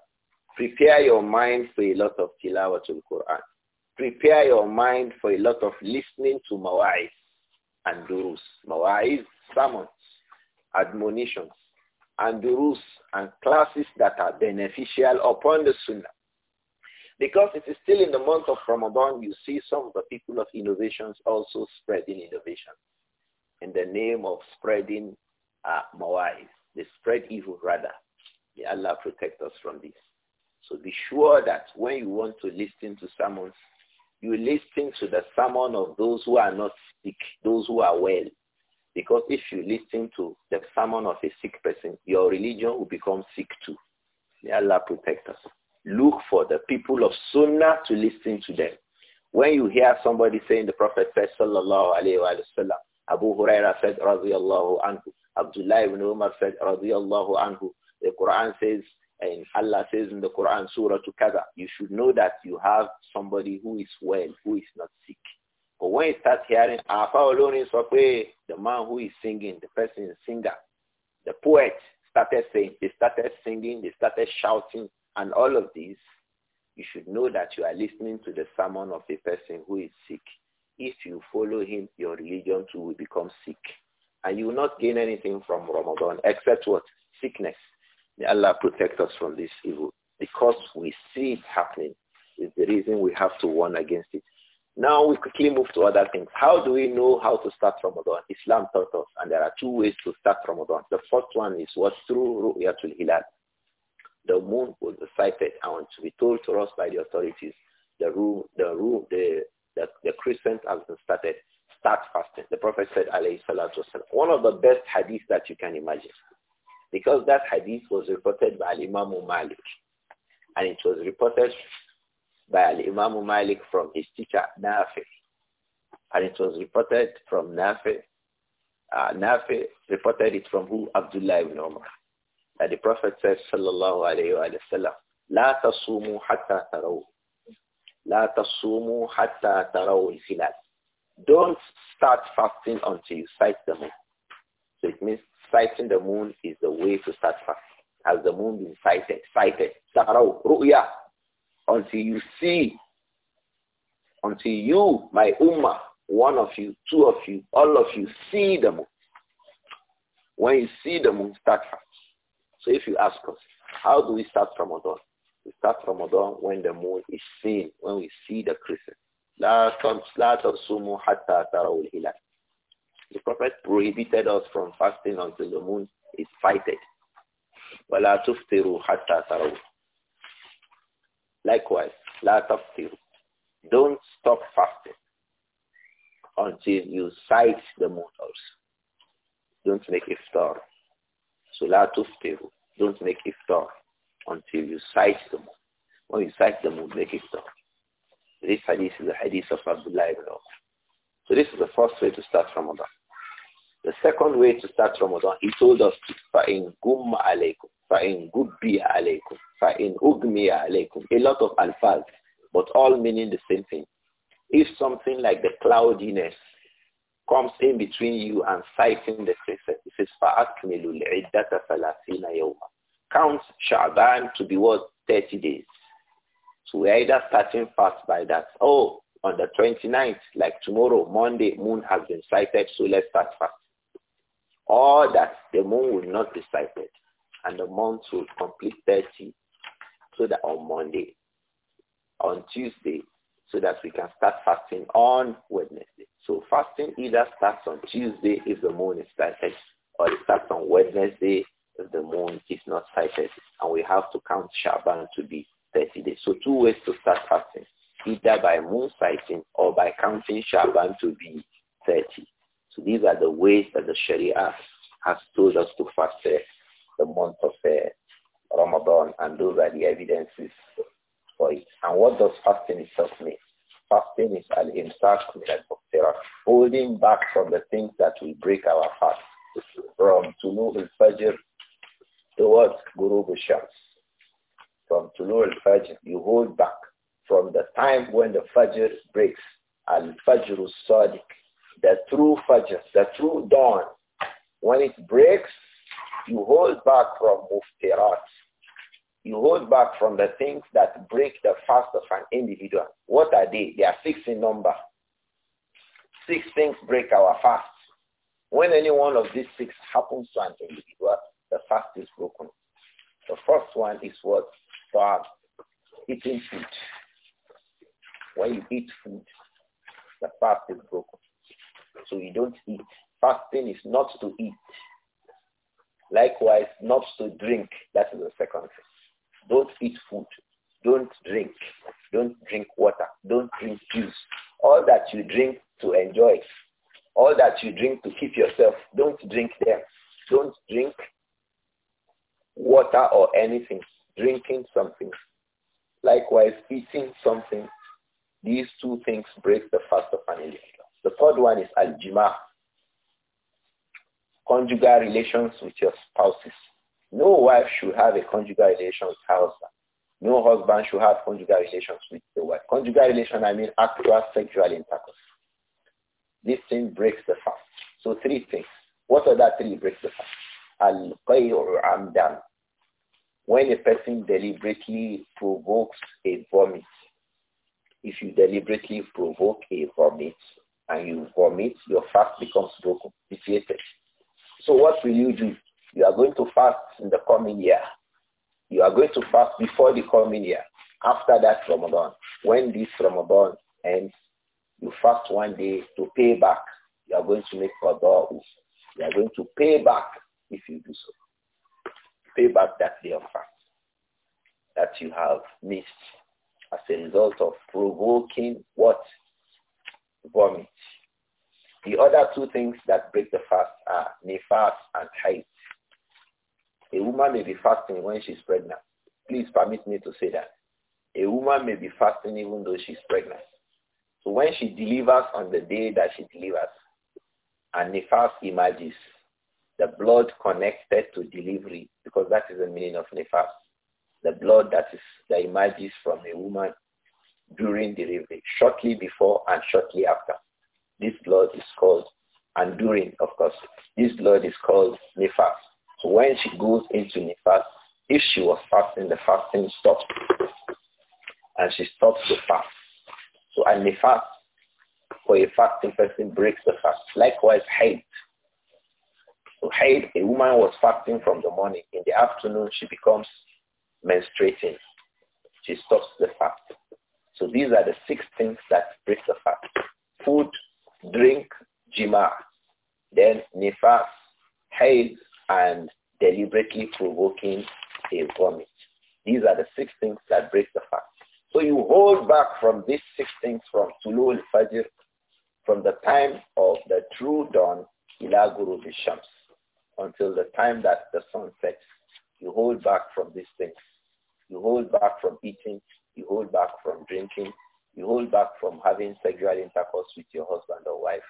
Prepare your mind for a lot of tilawatul Quran. Prepare your mind for a lot of listening to mawa'iz and durus. Mawa'iz, sermons, admonitions, and durus and classes that are beneficial upon the sunnah. Because it is still in the month of Ramadan, you see some of the people of innovations also spreading innovation in the name of spreading uh, mawais. They spread evil rather. May Allah protect us from this. So be sure that when you want to listen to sermons, you listen to the sermon of those who are not sick, those who are well. Because if you listen to the sermon of a sick person, your religion will become sick too. May Allah protect us. Look for the people of Sunnah to listen to them. When you hear somebody saying the Prophet said, Sallallahu Alaihi Wasallam, Abu Huraira said, radiyallahu anhu. Abdullah ibn Umar said, radiyallahu anhu. The Quran says, and Allah says in the Quran, Surah to Kaza, you should know that you have somebody who is well, who is not sick. But when you start hearing, Afa Oloni the man who is singing, the person is singer, the poet started saying, they started singing, they started shouting, and all of these, you should know that you are listening to the sermon of a person who is sick if you follow him, your religion too will become sick. And you will not gain anything from Ramadan except what? Sickness. May Allah protect us from this evil. Because we see it happening is the reason we have to warn against it. Now we quickly move to other things. How do we know how to start Ramadan? Islam taught us, and there are two ways to start Ramadan. The first one is what through Ru'yatul Hilal. The moon was sighted and to be told to us by the authorities the room, the room, the that the crescent has been started, start fasting. The Prophet said, alayhi one of the best hadith that you can imagine. Because that hadith was reported by Imam Malik. And it was reported by Imam Malik from his teacher, Nafi. And it was reported from Nafi. Uh, Nafi reported it from who? Abdullah ibn Umar. That the Prophet said, sallallahu alayhi wa sallam, لا تصوموا حتى تروا don't start fasting until you sight the moon. So it means sighting the moon is the way to start fasting. Has the moon been sighted? Sighted. Taraw, ru'ya. Until you see. Until you, my ummah, one of you, two of you, all of you see the moon. When you see the moon, start fasting. So if you ask us, how do we start Ramadan? We start Ramadan when the moon is seen, when we see the crescent. The Prophet prohibited us from fasting until the moon is sighted. Likewise, لا تفطروا. Don't stop fasting until you sight the moon also. Don't make iftar. So لا تفطروا. Don't make iftar until you cite them, When you cite the moon, make it stop. This hadith is a hadith of Abdullah ibn Umar. So this is the first way to start Ramadan. The second way to start Ramadan, he told us, فَإِنْ قُمَّ عَلَيْكُمْ فَإِنْ قُبِّيَ عَلَيْكُمْ فَإِنْ أُغْمِيَ عَلَيْكُمْ A lot of alfaz, but all meaning the same thing. If something like the cloudiness comes in between you and citing the Christian, it says, فَأَكْمِلُوا الْعِدَّةَ ثَلَاثِينَ يَوْمًا counts Shaban to be what? 30 days. So we're either starting fast by that. Oh, on the 29th, like tomorrow, Monday, moon has been sighted, so let's start fast. Or that the moon will not be sighted and the month will complete 30 so that on Monday, on Tuesday, so that we can start fasting on Wednesday. So fasting either starts on Tuesday if the moon is sighted or it starts on Wednesday the moon is not sighted, and we have to count Shaban to be 30 days. So two ways to start fasting, either by moon sighting or by counting Shaban to be 30. So these are the ways that the Sharia has told us to fast uh, the month of uh, Ramadan, and those are the evidences for it. And what does fasting itself mean? Fasting is al-imsak holding back from the things that will break our fast. From Tulu al-Fajr towards Guru Shams. From Tulur al-Fajr, you hold back from the time when the Fajr breaks. Al-Fajr al-Sadiq, the true Fajr, the true dawn. When it breaks, you hold back from muftirat. You hold back from the things that break the fast of an individual. What are they? They are six in number. Six things break our fast. When any one of these six happens to an individual, the fast is broken. The first one is what? Ta'am, eating food. When you eat food, the fast is broken. So you don't eat. Fasting is not to eat. Likewise, not to drink. That is the second thing. Don't eat food. Don't drink. Don't drink water. Don't drink juice. All that you drink to enjoy. All that you drink to keep yourself. Don't drink them. Don't drink water or anything, drinking something, likewise eating something, these two things break the fast of an individual. The third one is al conjugal relations with your spouses. No wife should have a conjugal relation with her husband. No husband should have conjugal relations with the wife. Conjugal relation, I mean actual sexual intercourse. This thing breaks the fast. So three things. What are that three breaks the fast? al amdan. When a person deliberately provokes a vomit, if you deliberately provoke a vomit and you vomit, your fast becomes broken, vitiated. So what will you do? You are going to fast in the coming year. You are going to fast before the coming year. After that Ramadan, when this Ramadan ends, you fast one day to pay back. You are going to make qada'u. You are going to pay back if you do so. Pay back that day of fast that you have missed as a result of provoking what? Vomit. The other two things that break the fast are nifas and height. A woman may be fasting when she's pregnant. Please permit me to say that. A woman may be fasting even though she's pregnant. So when she delivers on the day that she delivers, and nifas emerges, the blood connected to delivery, because that is the meaning of nifas. The blood that is that emerges from a woman during delivery, shortly before and shortly after. This blood is called, and during, of course, this blood is called nifas. So when she goes into nifas, if she was fasting, the fasting stops, and she stops the fast. So and nifas for a fasting person breaks the fast. Likewise, hate Haid, a woman was fasting from the morning. In the afternoon, she becomes menstruating. She stops the fast. So these are the six things that break the fast. Food, drink, jima, then nifas, haid, and deliberately provoking a vomit. These are the six things that break the fast. So you hold back from these six things from Tulu al-Fajr, from the time of the true dawn, ila guru bishams, until the time that the sun sets. You hold back from these things. You hold back from eating. You hold back from drinking. You hold back from having sexual intercourse with your husband or wife.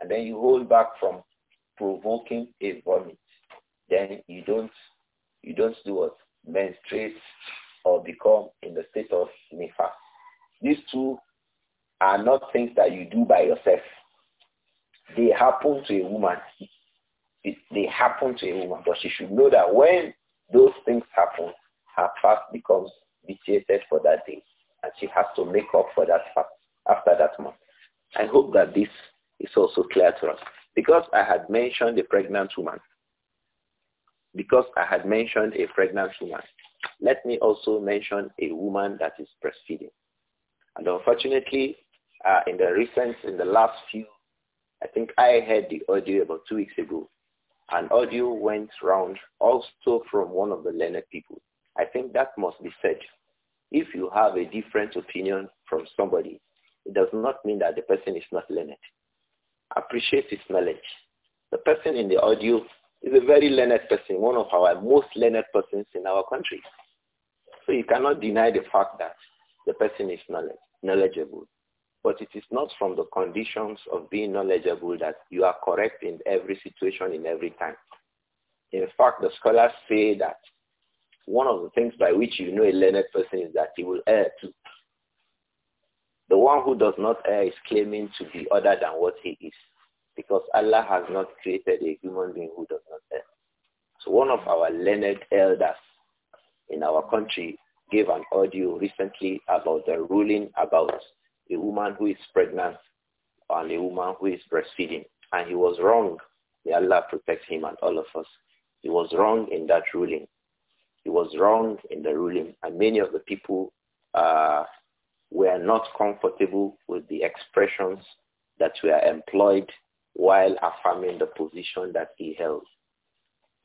And then you hold back from provoking a vomit. Then you don't, you don't do what? Menstruate or become in the state of nifa. These two are not things that you do by yourself. They happen to a woman it, they happen to a woman, but she should know that when those things happen, her fast becomes vitiated for that day, and she has to make up for that fast after that month. I hope that this is also clear to us. Because I had mentioned a pregnant woman, because I had mentioned a pregnant woman, let me also mention a woman that is breastfeeding. And unfortunately, uh, in the recent, in the last few, I think I heard the audio about two weeks ago an audio went round also from one of the learned people. I think that must be said. If you have a different opinion from somebody, it does not mean that the person is not learned. Appreciate his knowledge. The person in the audio is a very learned person, one of our most learned persons in our country. So you cannot deny the fact that the person is knowledgeable. But it is not from the conditions of being knowledgeable that you are correct in every situation, in every time. In fact, the scholars say that one of the things by which you know a learned person is that he will err too. The one who does not err is claiming to be other than what he is because Allah has not created a human being who does not err. So one of our learned elders in our country gave an audio recently about the ruling about a woman who is pregnant and a woman who is breastfeeding. And he was wrong. May Allah protect him and all of us. He was wrong in that ruling. He was wrong in the ruling. And many of the people uh, were not comfortable with the expressions that were employed while affirming the position that he held.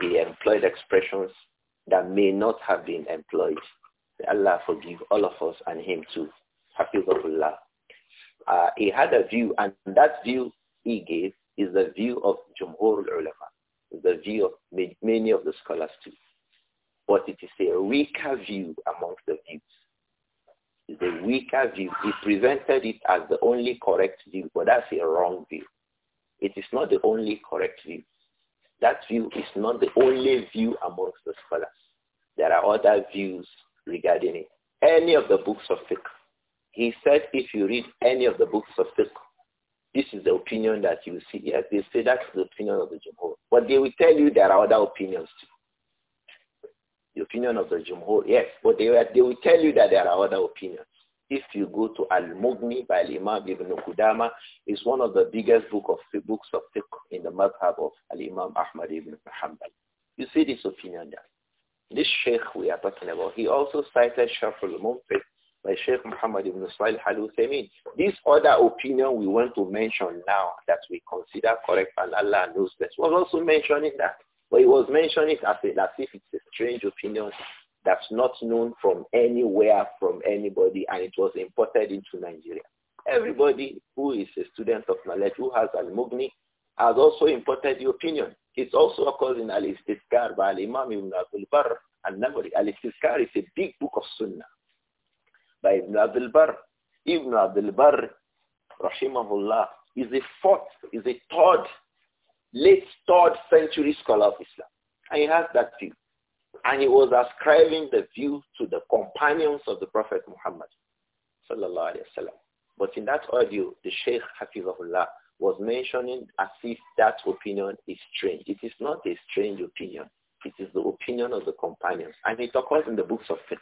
He employed expressions that may not have been employed. May Allah forgive all of us and him too. Happy Allah uh, he had a view, and that view he gave is the view of Jumhur ulama, the view of many of the scholars too. But it is a weaker view amongst the views. It's a weaker view. He presented it as the only correct view, but that's a wrong view. It is not the only correct view. That view is not the only view amongst the scholars. There are other views regarding it. Any of the books of fiqh he said if you read any of the books of fiqh, this is the opinion that you see here. They say that's the opinion of the Jumhur. But they will tell you there are other opinions too. The opinion of the Jumhur, yes. But they, will, they will tell you that there are other opinions. If you go to Al-Mughni by imam Ibn Qudama, it's one of the biggest book of, books of fiqh in the madhab of Al-Imam Ahmad Ibn Muhammad. You see this opinion there. This sheikh we are talking about, he also cited al Mumfit by Sheikh Muhammad ibn Salih al Uthaymeen. This other opinion we want to mention now that we consider correct and Allah knows best was also mentioning that. But it was mentioning as, a, as if it's a strange opinion that's not known from anywhere, from anybody, and it was imported into Nigeria. Everybody who is a student of knowledge, who has Al-Mughni, has also imported the opinion. It's also occurs in al istiskar by Al Imam Ibn Abdul Barr and namuri al Al-istiṣkār is a big book of Sunnah by Ibn Abdul Bar, Ibn Abdul Bar, rahimahullah, is a fourth, is a third, late third century scholar of Islam. And he has that view. And he was ascribing the view to the companions of the Prophet Muhammad. Sallallahu alayhi But in that audio, the Sheikh Hafizahullah was mentioning as if that opinion is strange. It is not a strange opinion. It is the opinion of the companions. And it occurs in the books of fiqh.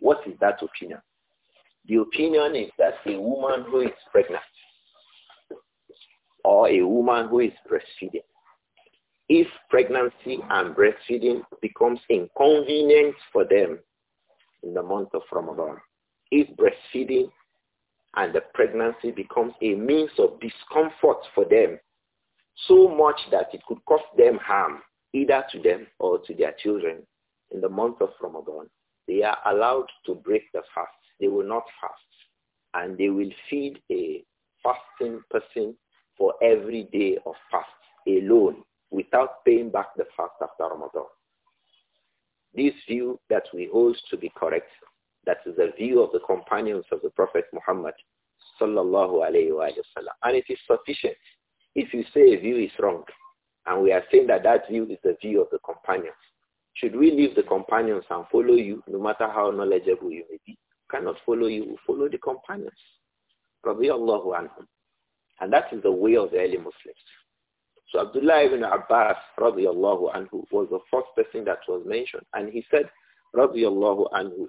What is that opinion? The opinion is that a woman who is pregnant or a woman who is breastfeeding, if pregnancy and breastfeeding becomes inconvenient for them in the month of Ramadan, if breastfeeding and the pregnancy becomes a means of discomfort for them so much that it could cause them harm, either to them or to their children in the month of Ramadan, they are allowed to break the fast they will not fast. And they will feed a fasting person for every day of fast alone without paying back the fast after Ramadan. This view that we hold to be correct, that is the view of the companions of the Prophet Muhammad sallallahu alayhi wa And it is sufficient. If you say a view is wrong, and we are saying that that view is the view of the companions, should we leave the companions and follow you, no matter how knowledgeable you may be? cannot follow you, follow the companions. Radiallahu anhum. And that is the way of the early Muslims. So Abdullah ibn Abbas radiallahu anhu was the first person that was mentioned. And he said radiallahu anhu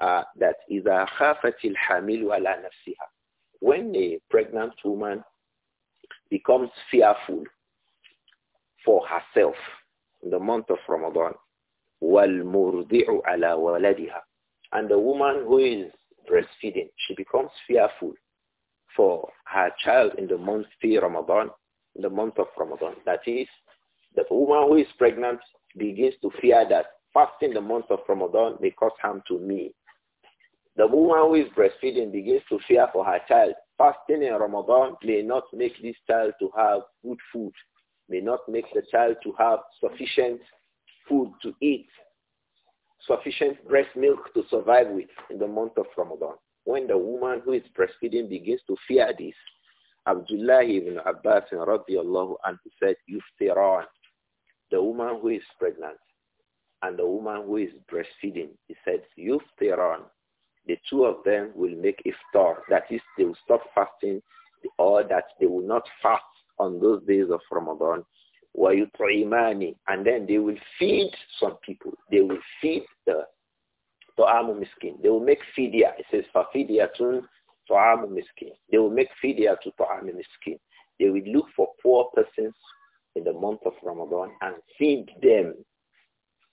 uh, that إِذَا خَافَتِ الْحَامِلُ عَلَى نَفْسِهَا When a pregnant woman becomes fearful for herself in the month of Ramadan, وَالْمُرْضِعُ عَلَى وَلَدِهَا and the woman who is breastfeeding, she becomes fearful for her child in the month of Ramadan, in the month of Ramadan. That is, the woman who is pregnant begins to fear that fasting the month of Ramadan may cause harm to me. The woman who is breastfeeding begins to fear for her child. Fasting in Ramadan may not make this child to have good food, may not make the child to have sufficient food to eat sufficient breast milk to survive with in the month of Ramadan. When the woman who is breastfeeding begins to fear this, Abdullah ibn Abbas radiallahu anhu said, Yuftiran, the woman who is pregnant and the woman who is breastfeeding, he said, Yuftiran, the two of them will make iftar, that is, they will stop fasting or that they will not fast on those days of Ramadan money? And then they will feed some people. They will feed the طعام They will make fidya. It says فَفِدْيَةٌ طعام miskin. They will make fidya to طعام They will look for poor persons in the month of Ramadan and feed them.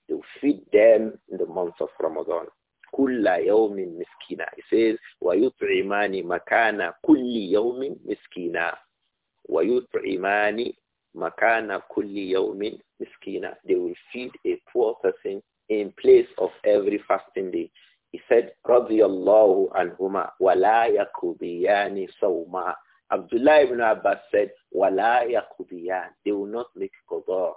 They will feed them in the month of Ramadan. كل يوم مسكينا. It says وَيُطْعِمَانِ مَكَانَ كُلِّ يَوْمٍ مِسْكِينًا money?" makana kulli yawmin miskina. They will feed a poor person in place of every fasting day. He said, radiyallahu anhuma wa yakubiyani sawma. Abdullah ibn Abbas said, wa yakubiyan. They will not make qada.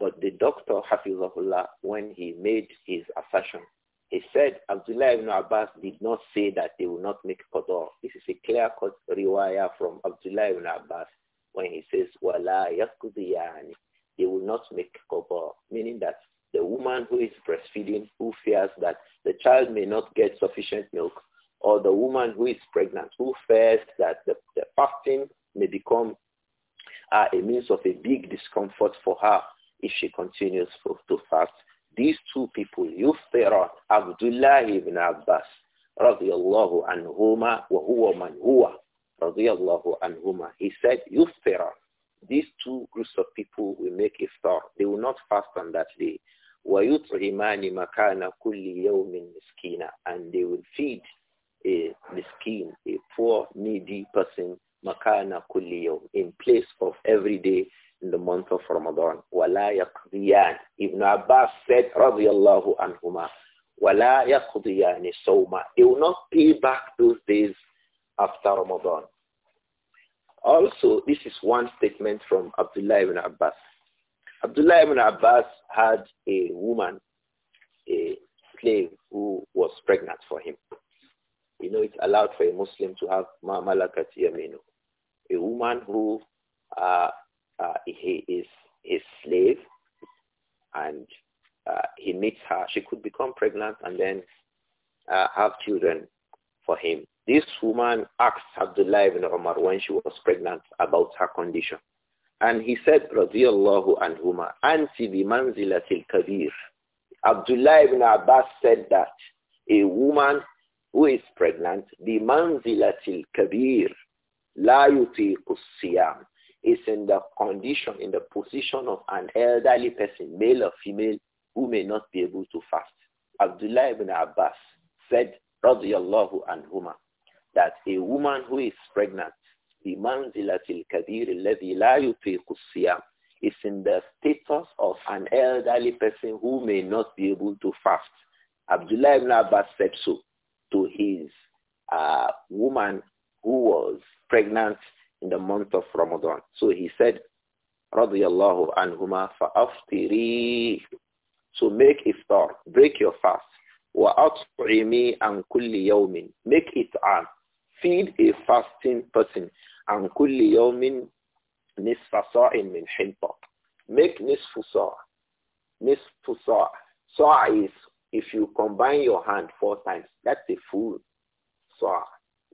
But the doctor, Hafizahullah, when he made his assertion, he said Abdullah ibn Abbas did not say that they will not make qada. This is a clear-cut riwayah from Abdullah ibn Abbas when he says, Wala yakudiyani, they will not make qada, meaning that the woman who is breastfeeding who fears that the child may not get sufficient milk or the woman who is pregnant who fears that the, the fasting may become uh, a means of a big discomfort for her if she continues for, to fast. These two people, Yufira, Abdullah ibn Abbas, radiallahu anhuma, wa وهو من هو radiallahu anhuma, he said, yuftira. These two groups of people will make iftar. They will not fast on that day. وَيُطْعِمَانِ مَكَانَ كُلِّ يَوْمٍ مِسْكِينًا And they will feed a miskin, a poor, needy person, makana kulli yawm, in place of every day in the month of Ramadan. Wala yaqdiyan. Ibn Abbas said, radiyallahu anhuma, wala yaqdiyani sawma. They will not pay back those days after Ramadan. Also, this is one statement from Abdullah ibn Abbas. Abdullah ibn Abbas had a woman, a slave who was pregnant for him. You know, it's allowed for a Muslim to have malakat yaminu, a woman who uh, uh, he is his slave and uh, he meets her. She could become pregnant and then uh, have children for him. This woman asked Abdullah ibn Umar when she was pregnant about her condition. And he said, huma anhuma, anti bimanzilatil kabir. Abdullah ibn Abbas said that a woman who is pregnant, bimanzilatil kabir, la yutiqus siyam, is in the condition, in the position of an elderly person, male or female, who may not be able to fast. Abdullah ibn Abbas said, and anhuma, that a woman who is pregnant, the manzilatil is in the status of an elderly person who may not be able to fast. Abdullah ibn Abbas said so to his uh, woman who was pregnant in the month of Ramadan. So he said, رضي الله عنهما فافطري So make iftar, break your fast. وَأَطْعِمِي عَنْ كُلِّ يَوْمٍ Make it an feed a fasting person. And kulli yawmin nisfa sa'in min hintab. Make nisfu sa' nisfu sa' sa' is if you combine your hand four times. That's a full saa.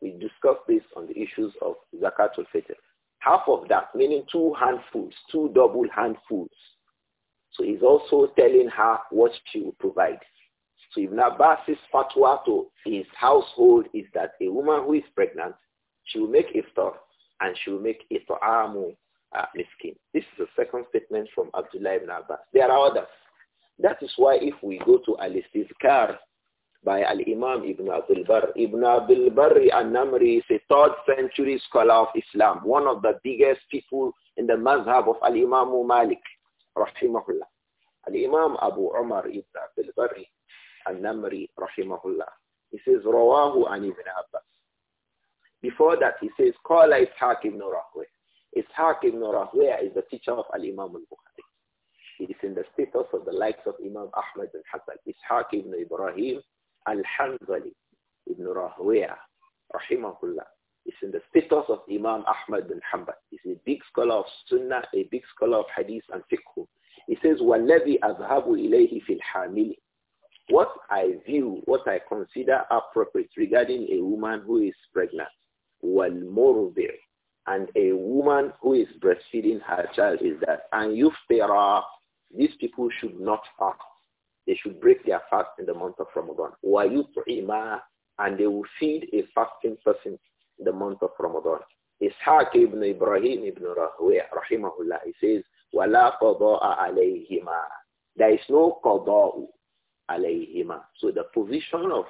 we discussed this on the issues of zakat al fitr. Half of that, meaning two handfuls, two double handfuls. So he's also telling her what she will provide. So Ibn Abbas's fatwa to his household is that a woman who is pregnant, she will make iftar and she will make iftamu uh, miskin. This is the second statement from Abdullah ibn Abbas. There are others. That is why if we go to Al-Istizkar by Al-Imam Ibn Abdul Ibn Abdul Barr al-Namri is a third century scholar of Islam, one of the biggest people in the mazhab of Al-Imam Malik, rahimahullah. Al-Imam Abu Umar Ibn Abdul al-Namri rahimahullah. He says, Rawahu an ibn Abbas. Before that, he says, Qala Ishaq ibn Rahweh. Ishaq ibn Rahweh is the teacher of al-Imam al-Bukhari. He is in the status of the likes of Imam Ahmad al-Hassan. Ishaq ibn Ibrahim al-Hanzali ibn Rahweh rahimahullah. is in the status of Imam Ahmad bin Hanbal. He's a big scholar of Sunnah, a big scholar of Hadith and Fiqh. He says, وَالَّذِي أَذْهَبُ إِلَيْهِ فِي الْحَامِلِ what I view, what I consider appropriate regarding a woman who is pregnant, there, and a woman who is breastfeeding her child is that, and are, these people should not fast. They should break their fast in the month of Ramadan. وَيُطْعِمَا And they will feed a fasting person in the month of Ramadan. Ishaq ibn Ibrahim ibn Rahweh, rahimahullah, he says, وَلَا قَضَاءَ عَلَيْهِمَا There is no qada'u alayhima. So the position of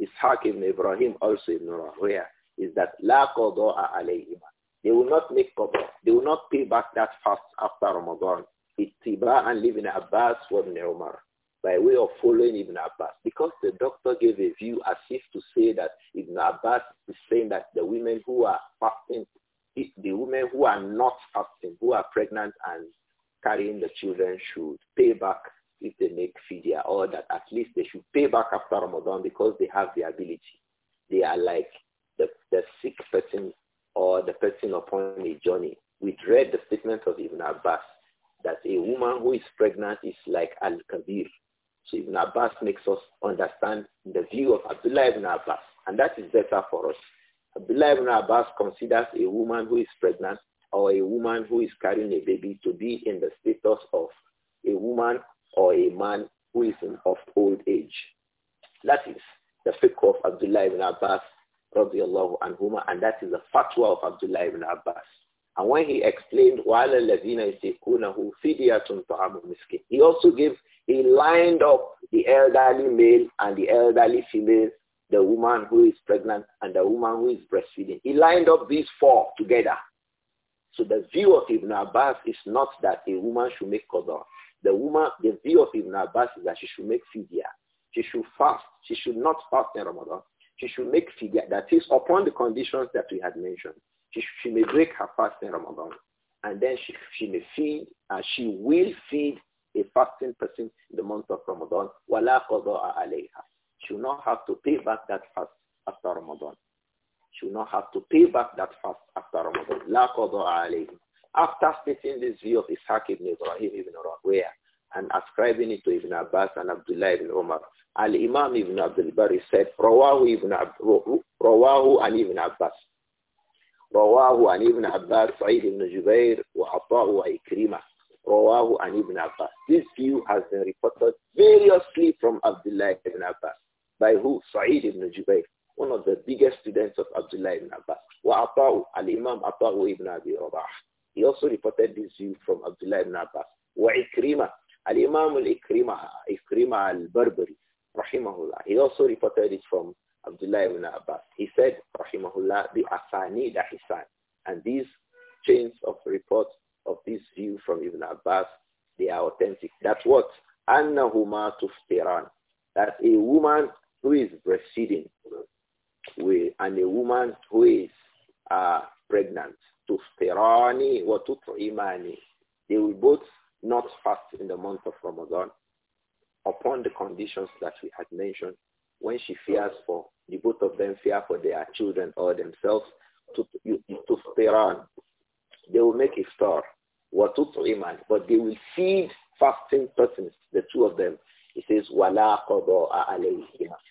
Ishaq ibn Ibrahim also in Rahuya is that la qada'a alayhima. They will not make qada. They will not pay back that fast after Ramadan. tiba and Ibn Abbas wa Ibn Umar by way of following Ibn Abbas because the doctor gave a view as if to say that Ibn Abbas is saying that the women who are fasting, the women who are not fasting, who are pregnant and carrying the children should pay back if they make fidya or that at least they should pay back after Ramadan because they have the ability. They are like the, the sick person or the person upon a journey. We read the statement of Ibn Abbas that a woman who is pregnant is like Al-Kabir. So Ibn Abbas makes us understand the view of Abdullah Ibn Abbas, and that is better for us. Abdullah Ibn Abbas considers a woman who is pregnant or a woman who is carrying a baby to be in the status of a woman or a man who is in, of old age. That is the fiqh of Abdullah ibn Abbas radiallahu anhuma, and that is the fatwa of Abdullah ibn Abbas. And when he explained, وَعَلَى الَّذِينَ the فِدِيَةٌ طَعَامُ مِسْكِينَ He also gave, he lined up the elderly male and the elderly female, the woman who is pregnant and the woman who is breastfeeding. He lined up these four together. So the view of Ibn Abbas is not that a woman should make qadr. The woman, the view of Ibn Abbas is that she should make fidya. She should fast. She should not fast in Ramadan. She should make fidya. That is upon the conditions that we had mentioned. She, she may break her fast in Ramadan. And then she, she may feed, and she will feed a fasting person in the month of Ramadan. Wala alayha. She will not have to pay back that fast after Ramadan. She will not have to pay back that fast after Ramadan. La alayha after stating this view of Ishaq ibn Ibrahim ibn Rahuya and ascribing it to Ibn Abbas and Abdullah ibn Umar, Al-Imam ibn Abdul Bari said, Rawahu, ibn Ab- Rawahu and Ibn Abbas. Rawa'hu and Ibn Abbas. Sa'id ibn سعيد wa جبير wa Ikrima. Rawa'hu and Ibn Abbas. This view has been reported variously from Abdullah ibn Abbas by who? Sa'id ibn Jubayr one of the biggest students of Abdullah ibn Abbas wa وعطاء Imam عطاء ibn Abi Rabah he also reported this view from Abdullah ibn Abbas. وعكرمة الإمام الإكرمة إكرمة البربري رحمه الله he also reported this from Abdullah ibn Abbas he said رحمه الله بأسانيد حسان and these chains of reports of this view from Ibn Abbas they are authentic that's what أنهما تفطران that a woman who is breastfeeding and a woman who is uh, pregnant تفطران وتطعمان They will both not fast in the month of Ramadan upon the conditions that we had mentioned when she fears for, the both of them fear for their children or themselves, to tuftiran. They will make iftar, wa tut'iman, but they will feed fasting persons, the two of them. It says, wala qada'a alayhi.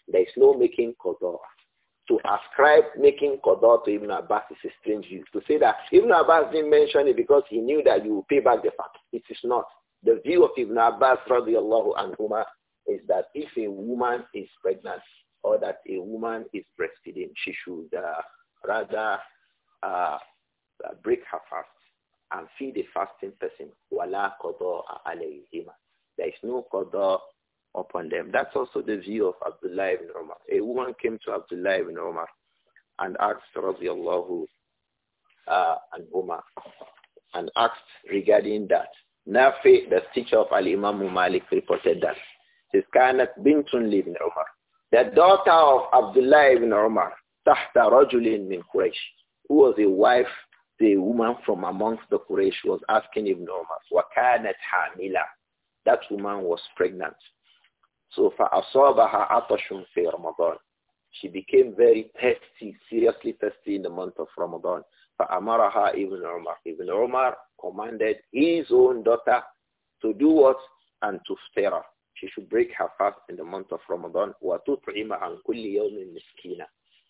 There is no making qada'a to ascribe making qada to Ibn Abbas is a strange view. To say that Ibn Abbas didn't mention it because he knew that you will pay back the fact. It is not. The view of Ibn Abbas radiallahu anhuma is that if a woman is pregnant or that a woman is breastfeeding, she should uh, rather uh, uh break her fast and feed a fasting person. There is no qada upon them. That's also the view of Abdullah ibn Umar. A woman came to Abdullah ibn Umar and asked radiallahu uh, and Umar and asked regarding that. Nafi, the teacher of Al-Imam Malik, reported that. His kanat bintun ibn Umar. The daughter of Abdullah ibn Umar, tahta rajulin min Quraysh, who was a wife, the woman from amongst the Quraysh was asking Ibn Umar, wa kanat hamila. That woman was pregnant. So فَأَصَابَهَا عَطَشٌ فِي رَمَضَانٍ She became very thirsty, seriously thirsty in the month of Ramadan. فَأَمَرَهَا Ibn Umar. Ibn Umar commanded his own daughter to do what? And to her. She should break her fast in the month of Ramadan. وَتُطْعِمَ عَنْ كُلِّ يَوْمٍ مِسْكِينًا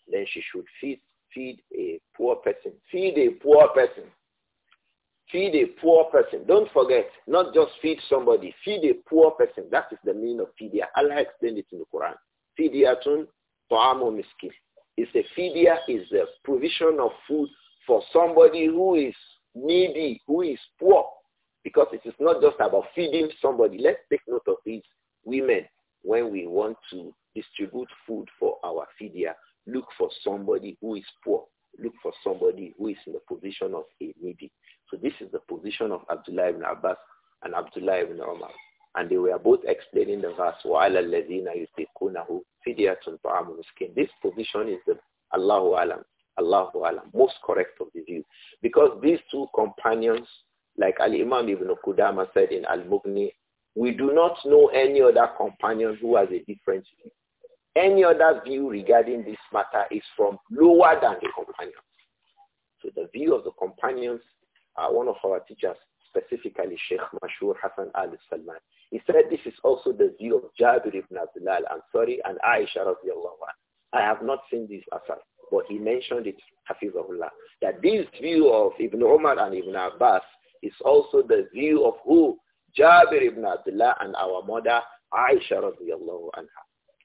Then she should feed, feed a poor person. Feed a poor person. Feed a poor person. Don't forget, not just feed somebody. Feed a poor person. That is the meaning of fidya. Allah explained it in the Quran. Fidyatun ta'amu miskin. It's a fidya is a provision of food for somebody who is needy, who is poor. Because it is not just about feeding somebody. Let's take note of these women when we want to distribute food for our fidya. Look for somebody who is poor. Look for somebody who is in the position of a needy. So this is the position of Abdullah ibn Abbas and Abdullah ibn Umar. And they were both explaining the verse, وَعَلَى الَّذِينَ فِدْيَةٌ طَعَامُ مِسْكِينٌ This position is the Allahu Alam, Allahu Alam, most correct of the view. Because these two companions, like Al-Imam ibn Qudama said in Al-Mughni, we do not know any other companion who has a different view. Any other view regarding this matter is from lower than the companions. So the view of the companions uh, one of our teachers, specifically Sheikh Mashur Hassan al-Salman. He said this is also the view of Jabir ibn Abdullah I'm sorry, and Aisha radiallahu I have not seen this aside, but he mentioned it, Hafizahullah, that this view of Ibn Umar and Ibn Abbas is also the view of who? Jabir ibn Abdullah and our mother Aisha radiallahu anha.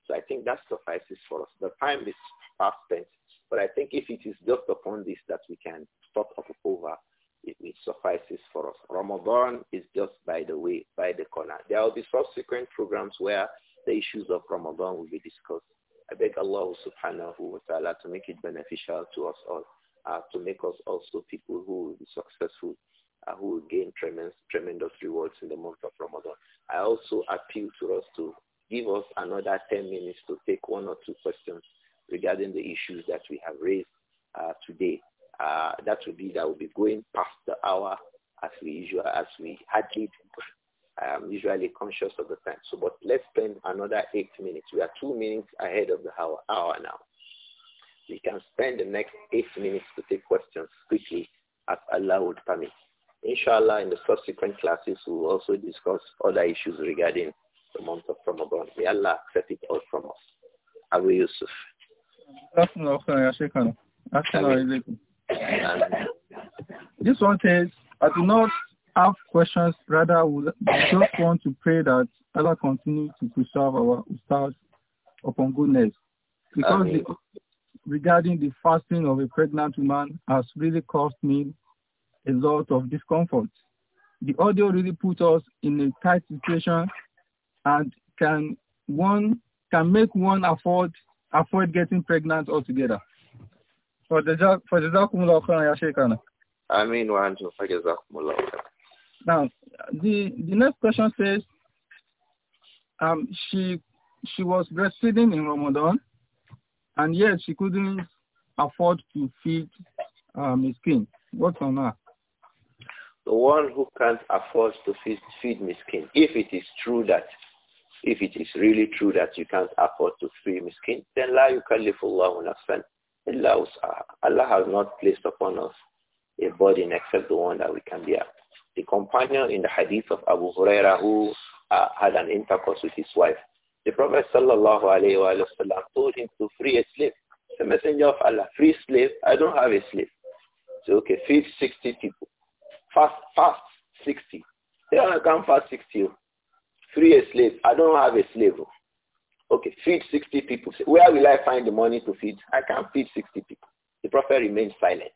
So I think that suffices for us. The time is past spent, but I think if it is just upon this that we can stop over, it, it suffices for us. Ramadan is just by the way, by the corner. There will be subsequent programs where the issues of Ramadan will be discussed. I beg Allah subhanahu wa ta'ala to make it beneficial to us all, uh, to make us also people who will be successful, uh, who will gain tremendous, tremendous rewards in the month of Ramadan. I also appeal to us to give us another 10 minutes to take one or two questions regarding the issues that we have raised uh, today uh, that will be that will be going past the hour as we usual as we hardly do. I am um, usually conscious of the time. So, but let's spend another eight minutes. We are two minutes ahead of the hour, hour now. We can spend the next eight minutes to take questions quickly as Allah would permit. Inshallah, in the subsequent classes, we will also discuss other issues regarding the month of Ramadan. May Allah accept it all from us. Abu Yusuf. This one says, I do not have questions, rather I just want to pray that Allah continue to preserve our ustads upon goodness. Because the, regarding the fasting of a pregnant woman has really caused me a lot of discomfort. The audio really put us in a tight situation and can one can make one afford avoid getting pregnant altogether. فجزاكم الله خيرا يا Sheikhana. I mean, وأنتم فجزاكم الله خيرا. Now, the, the next question says, um, she she was breastfeeding in Ramadan, and yet she couldn't afford to feed um, miskin. What's on her? The one who can't afford to feed, feed miskin, if it is true that, if it is really true that you can't afford to feed miskin, then la yukallifullahu nafsan Allah has not placed upon us a burden except the one that we can bear. The companion in the hadith of Abu Huraira who uh, had an intercourse with his wife, the Prophet sallallahu alayhi wa, told him to free a slave. The messenger of Allah, free slave, I don't have a slave. So, okay, feed 60 people. Fast, fast 60. Say, I can fast 60. Free a slave, I don't have a slave. Oh. Okay, feed 60 people. Where will I find the money to feed? I can't feed 60 people. The prophet remained silent.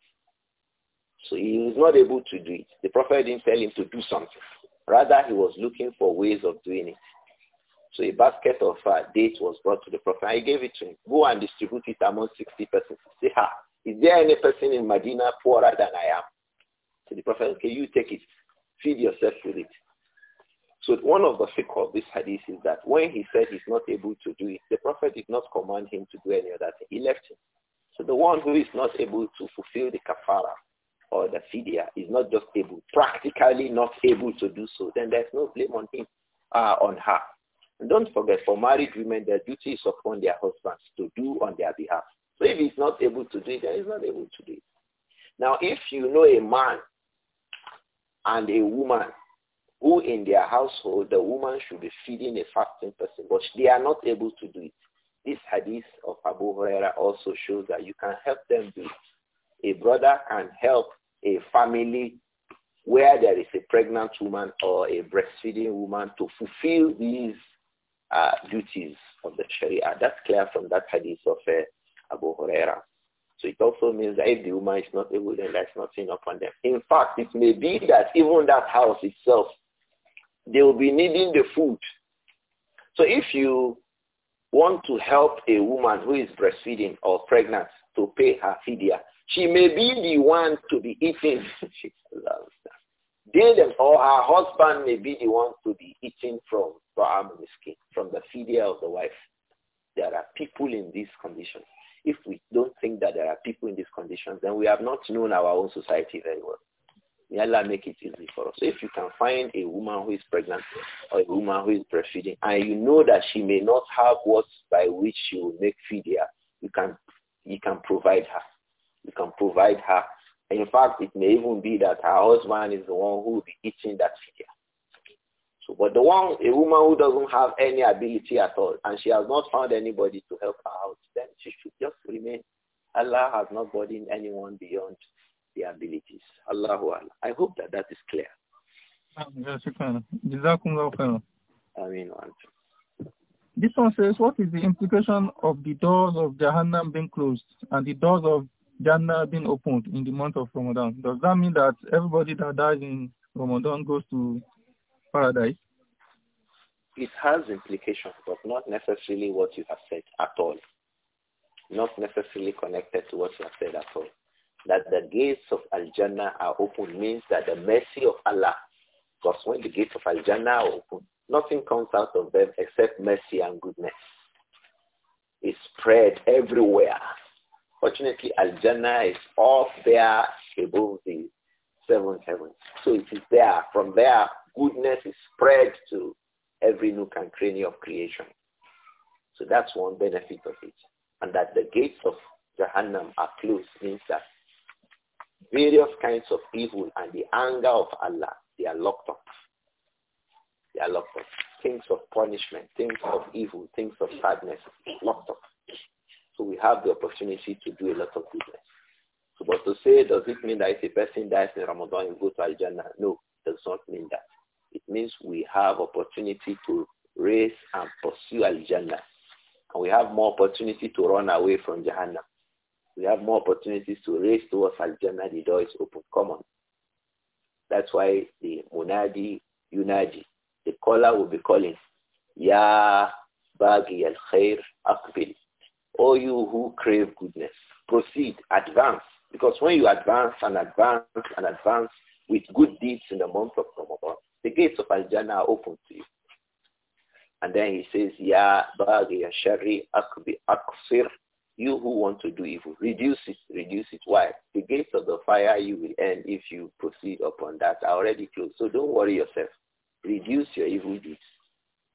So he was not able to do it. The prophet didn't tell him to do something. Rather, he was looking for ways of doing it. So a basket of uh, dates was brought to the prophet. I gave it to him. Go and distribute it among 60 persons. Say, ha, is there any person in Medina poorer than I am? So the prophet, okay, you take it. Feed yourself with it. So one of the fiqh of this hadith is that when he said he's not able to do it, the Prophet did not command him to do any of that. He left him. So the one who is not able to fulfill the kafara or the fidya is not just able, practically not able to do so, then there's no blame on him, uh, on her. And don't forget, for married women, their duty is upon their husbands to do on their behalf. So if he's not able to do it, then he's not able to do it. Now, if you know a man and a woman who in their household the woman should be feeding a fasting person, but they are not able to do it. This hadith of Abu Huraira also shows that you can help them do it. A brother can help a family where there is a pregnant woman or a breastfeeding woman to fulfill these uh, duties of the Sharia. That's clear from that hadith of uh, Abu Huraira. So it also means that if the woman is not able, then there's nothing upon them. In fact, it may be that even that house itself, they will be needing the food. So if you want to help a woman who is breastfeeding or pregnant to pay her fidya, she may be the one to be eating. <laughs> she loves that. They them, or her husband may be the one to be eating from skin, from the fidya of the wife. There are people in this condition. If we don't think that there are people in this condition, then we have not known our own society very well. May Allah make it easy for us. So if you can find a woman who is pregnant or a woman who is breastfeeding and you know that she may not have words by which she will make fidya, you can, you can provide her. You can provide her. In fact, it may even be that her husband is the one who will be eating that fidya. So, but the one, a woman who doesn't have any ability at all and she has not found anybody to help her out, then she should just remain. Allah has not burdened anyone beyond their abilities. Allahu Allah. I hope that that is clear. This one says, what is the implication of the doors of Jahannam being closed and the doors of Jannah being opened in the month of Ramadan? Does that mean that everybody that dies in Ramadan goes to paradise? It has implications, but not necessarily what you have said at all. Not necessarily connected to what you have said at all gates of Al-Jannah are open means that the mercy of Allah, because when the gates of Al-Jannah are open, nothing comes out of them except mercy and goodness. It's spread everywhere. Fortunately, Al-Jannah is up there above the seven heavens. So it is there. From there, goodness is spread to every nook and cranny of creation. So that's one benefit of it. And that the gates of Jahannam are closed means that various kinds of evil and the anger of Allah, they are locked up. They are locked up. Things of punishment, things of evil, things of sadness, locked up. So we have the opportunity to do a lot of goodness. So, but to say, does it mean that if a person dies in Ramadan, you go to Al-Jannah? No, does not mean that. It means we have opportunity to race and pursue Al-Jannah. And we have more opportunity to run away from Jahannam. We have more opportunities to race towards Al-Jannah. The door is open. Come on. That's why the Munadi, Unadi, the caller will be calling. Ya Bagi Al-Khair Akbil. All oh, you who crave goodness, proceed, advance. Because when you advance and advance and advance with good deeds in the month of Ramadan, the gates of Al-Jannah are open to you. And then he says, Ya Bagi Shari akbil Aksir you who want to do evil, reduce it, reduce it. Why? The gates of the fire you will end if you proceed upon that are already closed. So don't worry yourself. Reduce your evil deeds.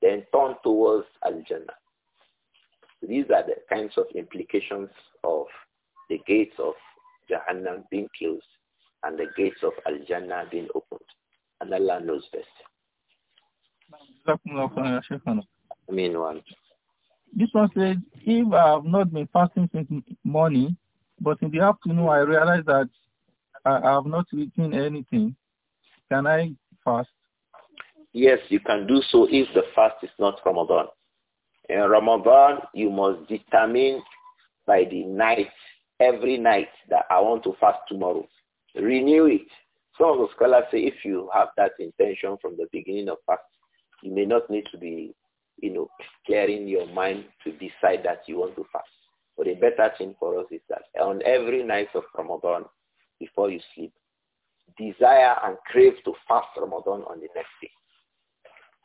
Then turn towards Al-Jannah. These are the kinds of implications of the gates of Jahannam being closed and the gates of Al-Jannah being opened. And Allah knows best. I mean, one. This one says, if I have not been fasting since morning, but in the afternoon I realized that I have not eaten anything, can I fast? Yes, you can do so if the fast is not Ramadan. In Ramadan, you must determine by the night, every night, that I want to fast tomorrow. Renew it. Some of the scholars say if you have that intention from the beginning of fast, you may not need to be you know, clearing your mind to decide that you want to fast. But a better thing for us is that on every night of Ramadan, before you sleep, desire and crave to fast Ramadan on the next day.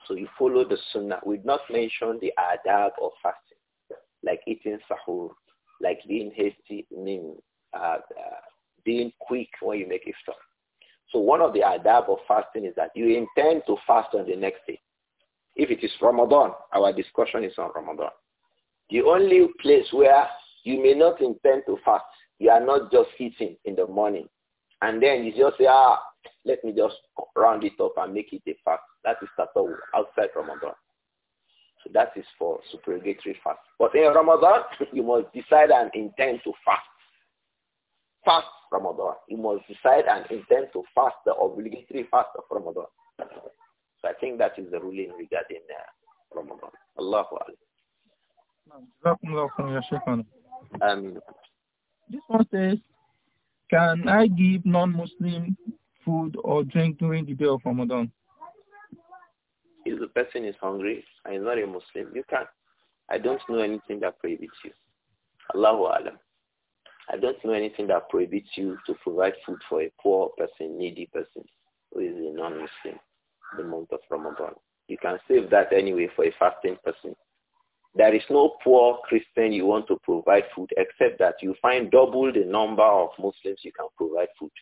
So you follow the sunnah. We did not mention the adab of fasting, like eating sahur, like being hasty, uh, uh, being quick when you make iftar. So one of the adab of fasting is that you intend to fast on the next day. If it is Ramadan, our discussion is on Ramadan. The only place where you may not intend to fast, you are not just eating in the morning. And then you just say, ah, let me just round it up and make it a fast. That is tatawu outside Ramadan. So that is for supererogatory fast. But in Ramadan, <laughs> you must decide and intend to fast. Fast Ramadan. You must decide and intend to fast the obligatory fast of Ramadan. So I think that is the ruling regarding uh, Ramadan. Allahu Akbar. Um, this one says, can I give non-Muslim food or drink during the day of Ramadan? If the person is hungry and is not a Muslim, you can. I don't know anything that prohibits you. Allahu Alam. I don't know anything that prohibits you to provide food for a poor person, needy person who is a non-Muslim the month of Ramadan. You can save that anyway for a fasting person. There is no poor Christian you want to provide food except that you find double the number of Muslims you can provide food.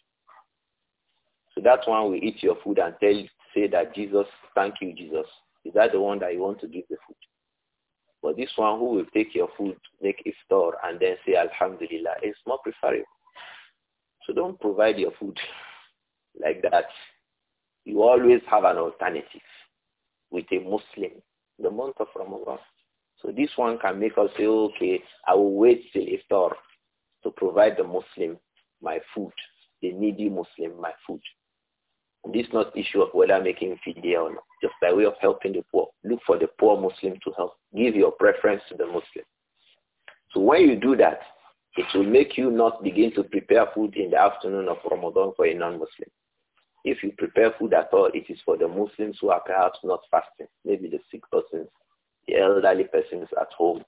So that one will eat your food and tell, say that Jesus, thank you, Jesus. Is that the one that you want to give the food? But this one who will take your food, make store, and then say Alhamdulillah, is more preferable. So don't provide your food <laughs> like that you always have an alternative with a Muslim the month of Ramadan. So this one can make us say, okay, I will wait till iftar to provide the Muslim my food, the needy Muslim my food. And this is not issue of whether making fidya or not, just by way of helping the poor. Look for the poor Muslim to help. Give your preference to the Muslim. So when you do that, it will make you not begin to prepare food in the afternoon of Ramadan for a non-Muslim. If you prepare food at all, it is for the Muslims who are perhaps not fasting, maybe the sick persons, the elderly persons at home,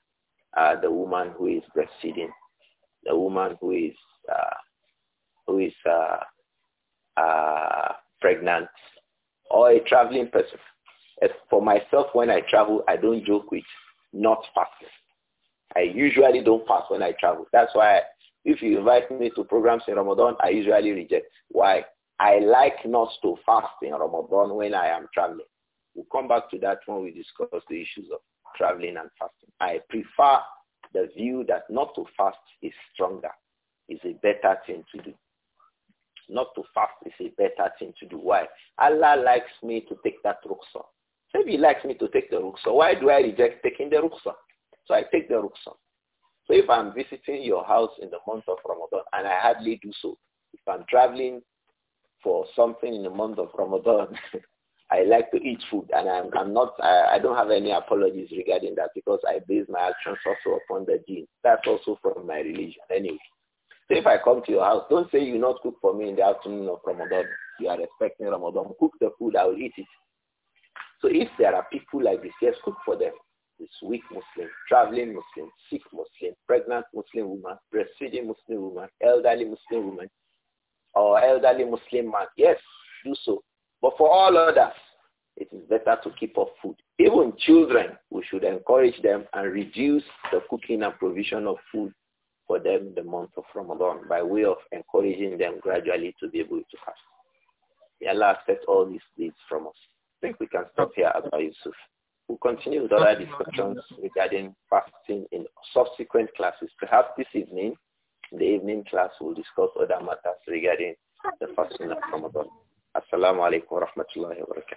uh, the woman who is breastfeeding, the woman who is uh, who is uh, uh, pregnant, or a traveling person. As for myself, when I travel, I don't joke with not fasting. I usually don't fast when I travel. That's why if you invite me to programs in Ramadan, I usually reject. Why? I like not to fast in Ramadan when I am traveling. We'll come back to that when we discuss the issues of traveling and fasting. I prefer the view that not to fast is stronger, is a better thing to do. Not to fast is a better thing to do. Why? Allah likes me to take that ruqsah. So he likes me to take the ruqsah, why do I reject taking the ruqsah? So I take the ruqsah. So if I'm visiting your house in the month of Ramadan and I hardly do so, if I'm traveling for something in the month of Ramadan, <laughs> I like to eat food, and I'm, I'm not, I, I, don't have any apologies regarding that because I base my actions also upon the gene. That's also from my religion anyway. So if I come to your house, don't say you not cook for me in the afternoon of Ramadan. You are respecting Ramadan. Cook the food, I will eat it. So if there are people like this, yes, cook for them. This weak Muslim, traveling Muslim, sick Muslim, pregnant Muslim woman, breastfeeding Muslim woman, elderly Muslim woman, or elderly Muslim man, yes, do so. But for all others, it is better to keep up food. Even children, we should encourage them and reduce the cooking and provision of food for them in the month of Ramadan by way of encouraging them gradually to be able to fast. May Allah accept all these needs from us. I think we can stop here, Abba Yusuf. We'll continue with other discussions regarding fasting in subsequent classes. Perhaps this evening in the evening class, we'll discuss other matters regarding the fasting of Ramadan. Assalamu alaikum wa rahmatullahi wa barakatuh.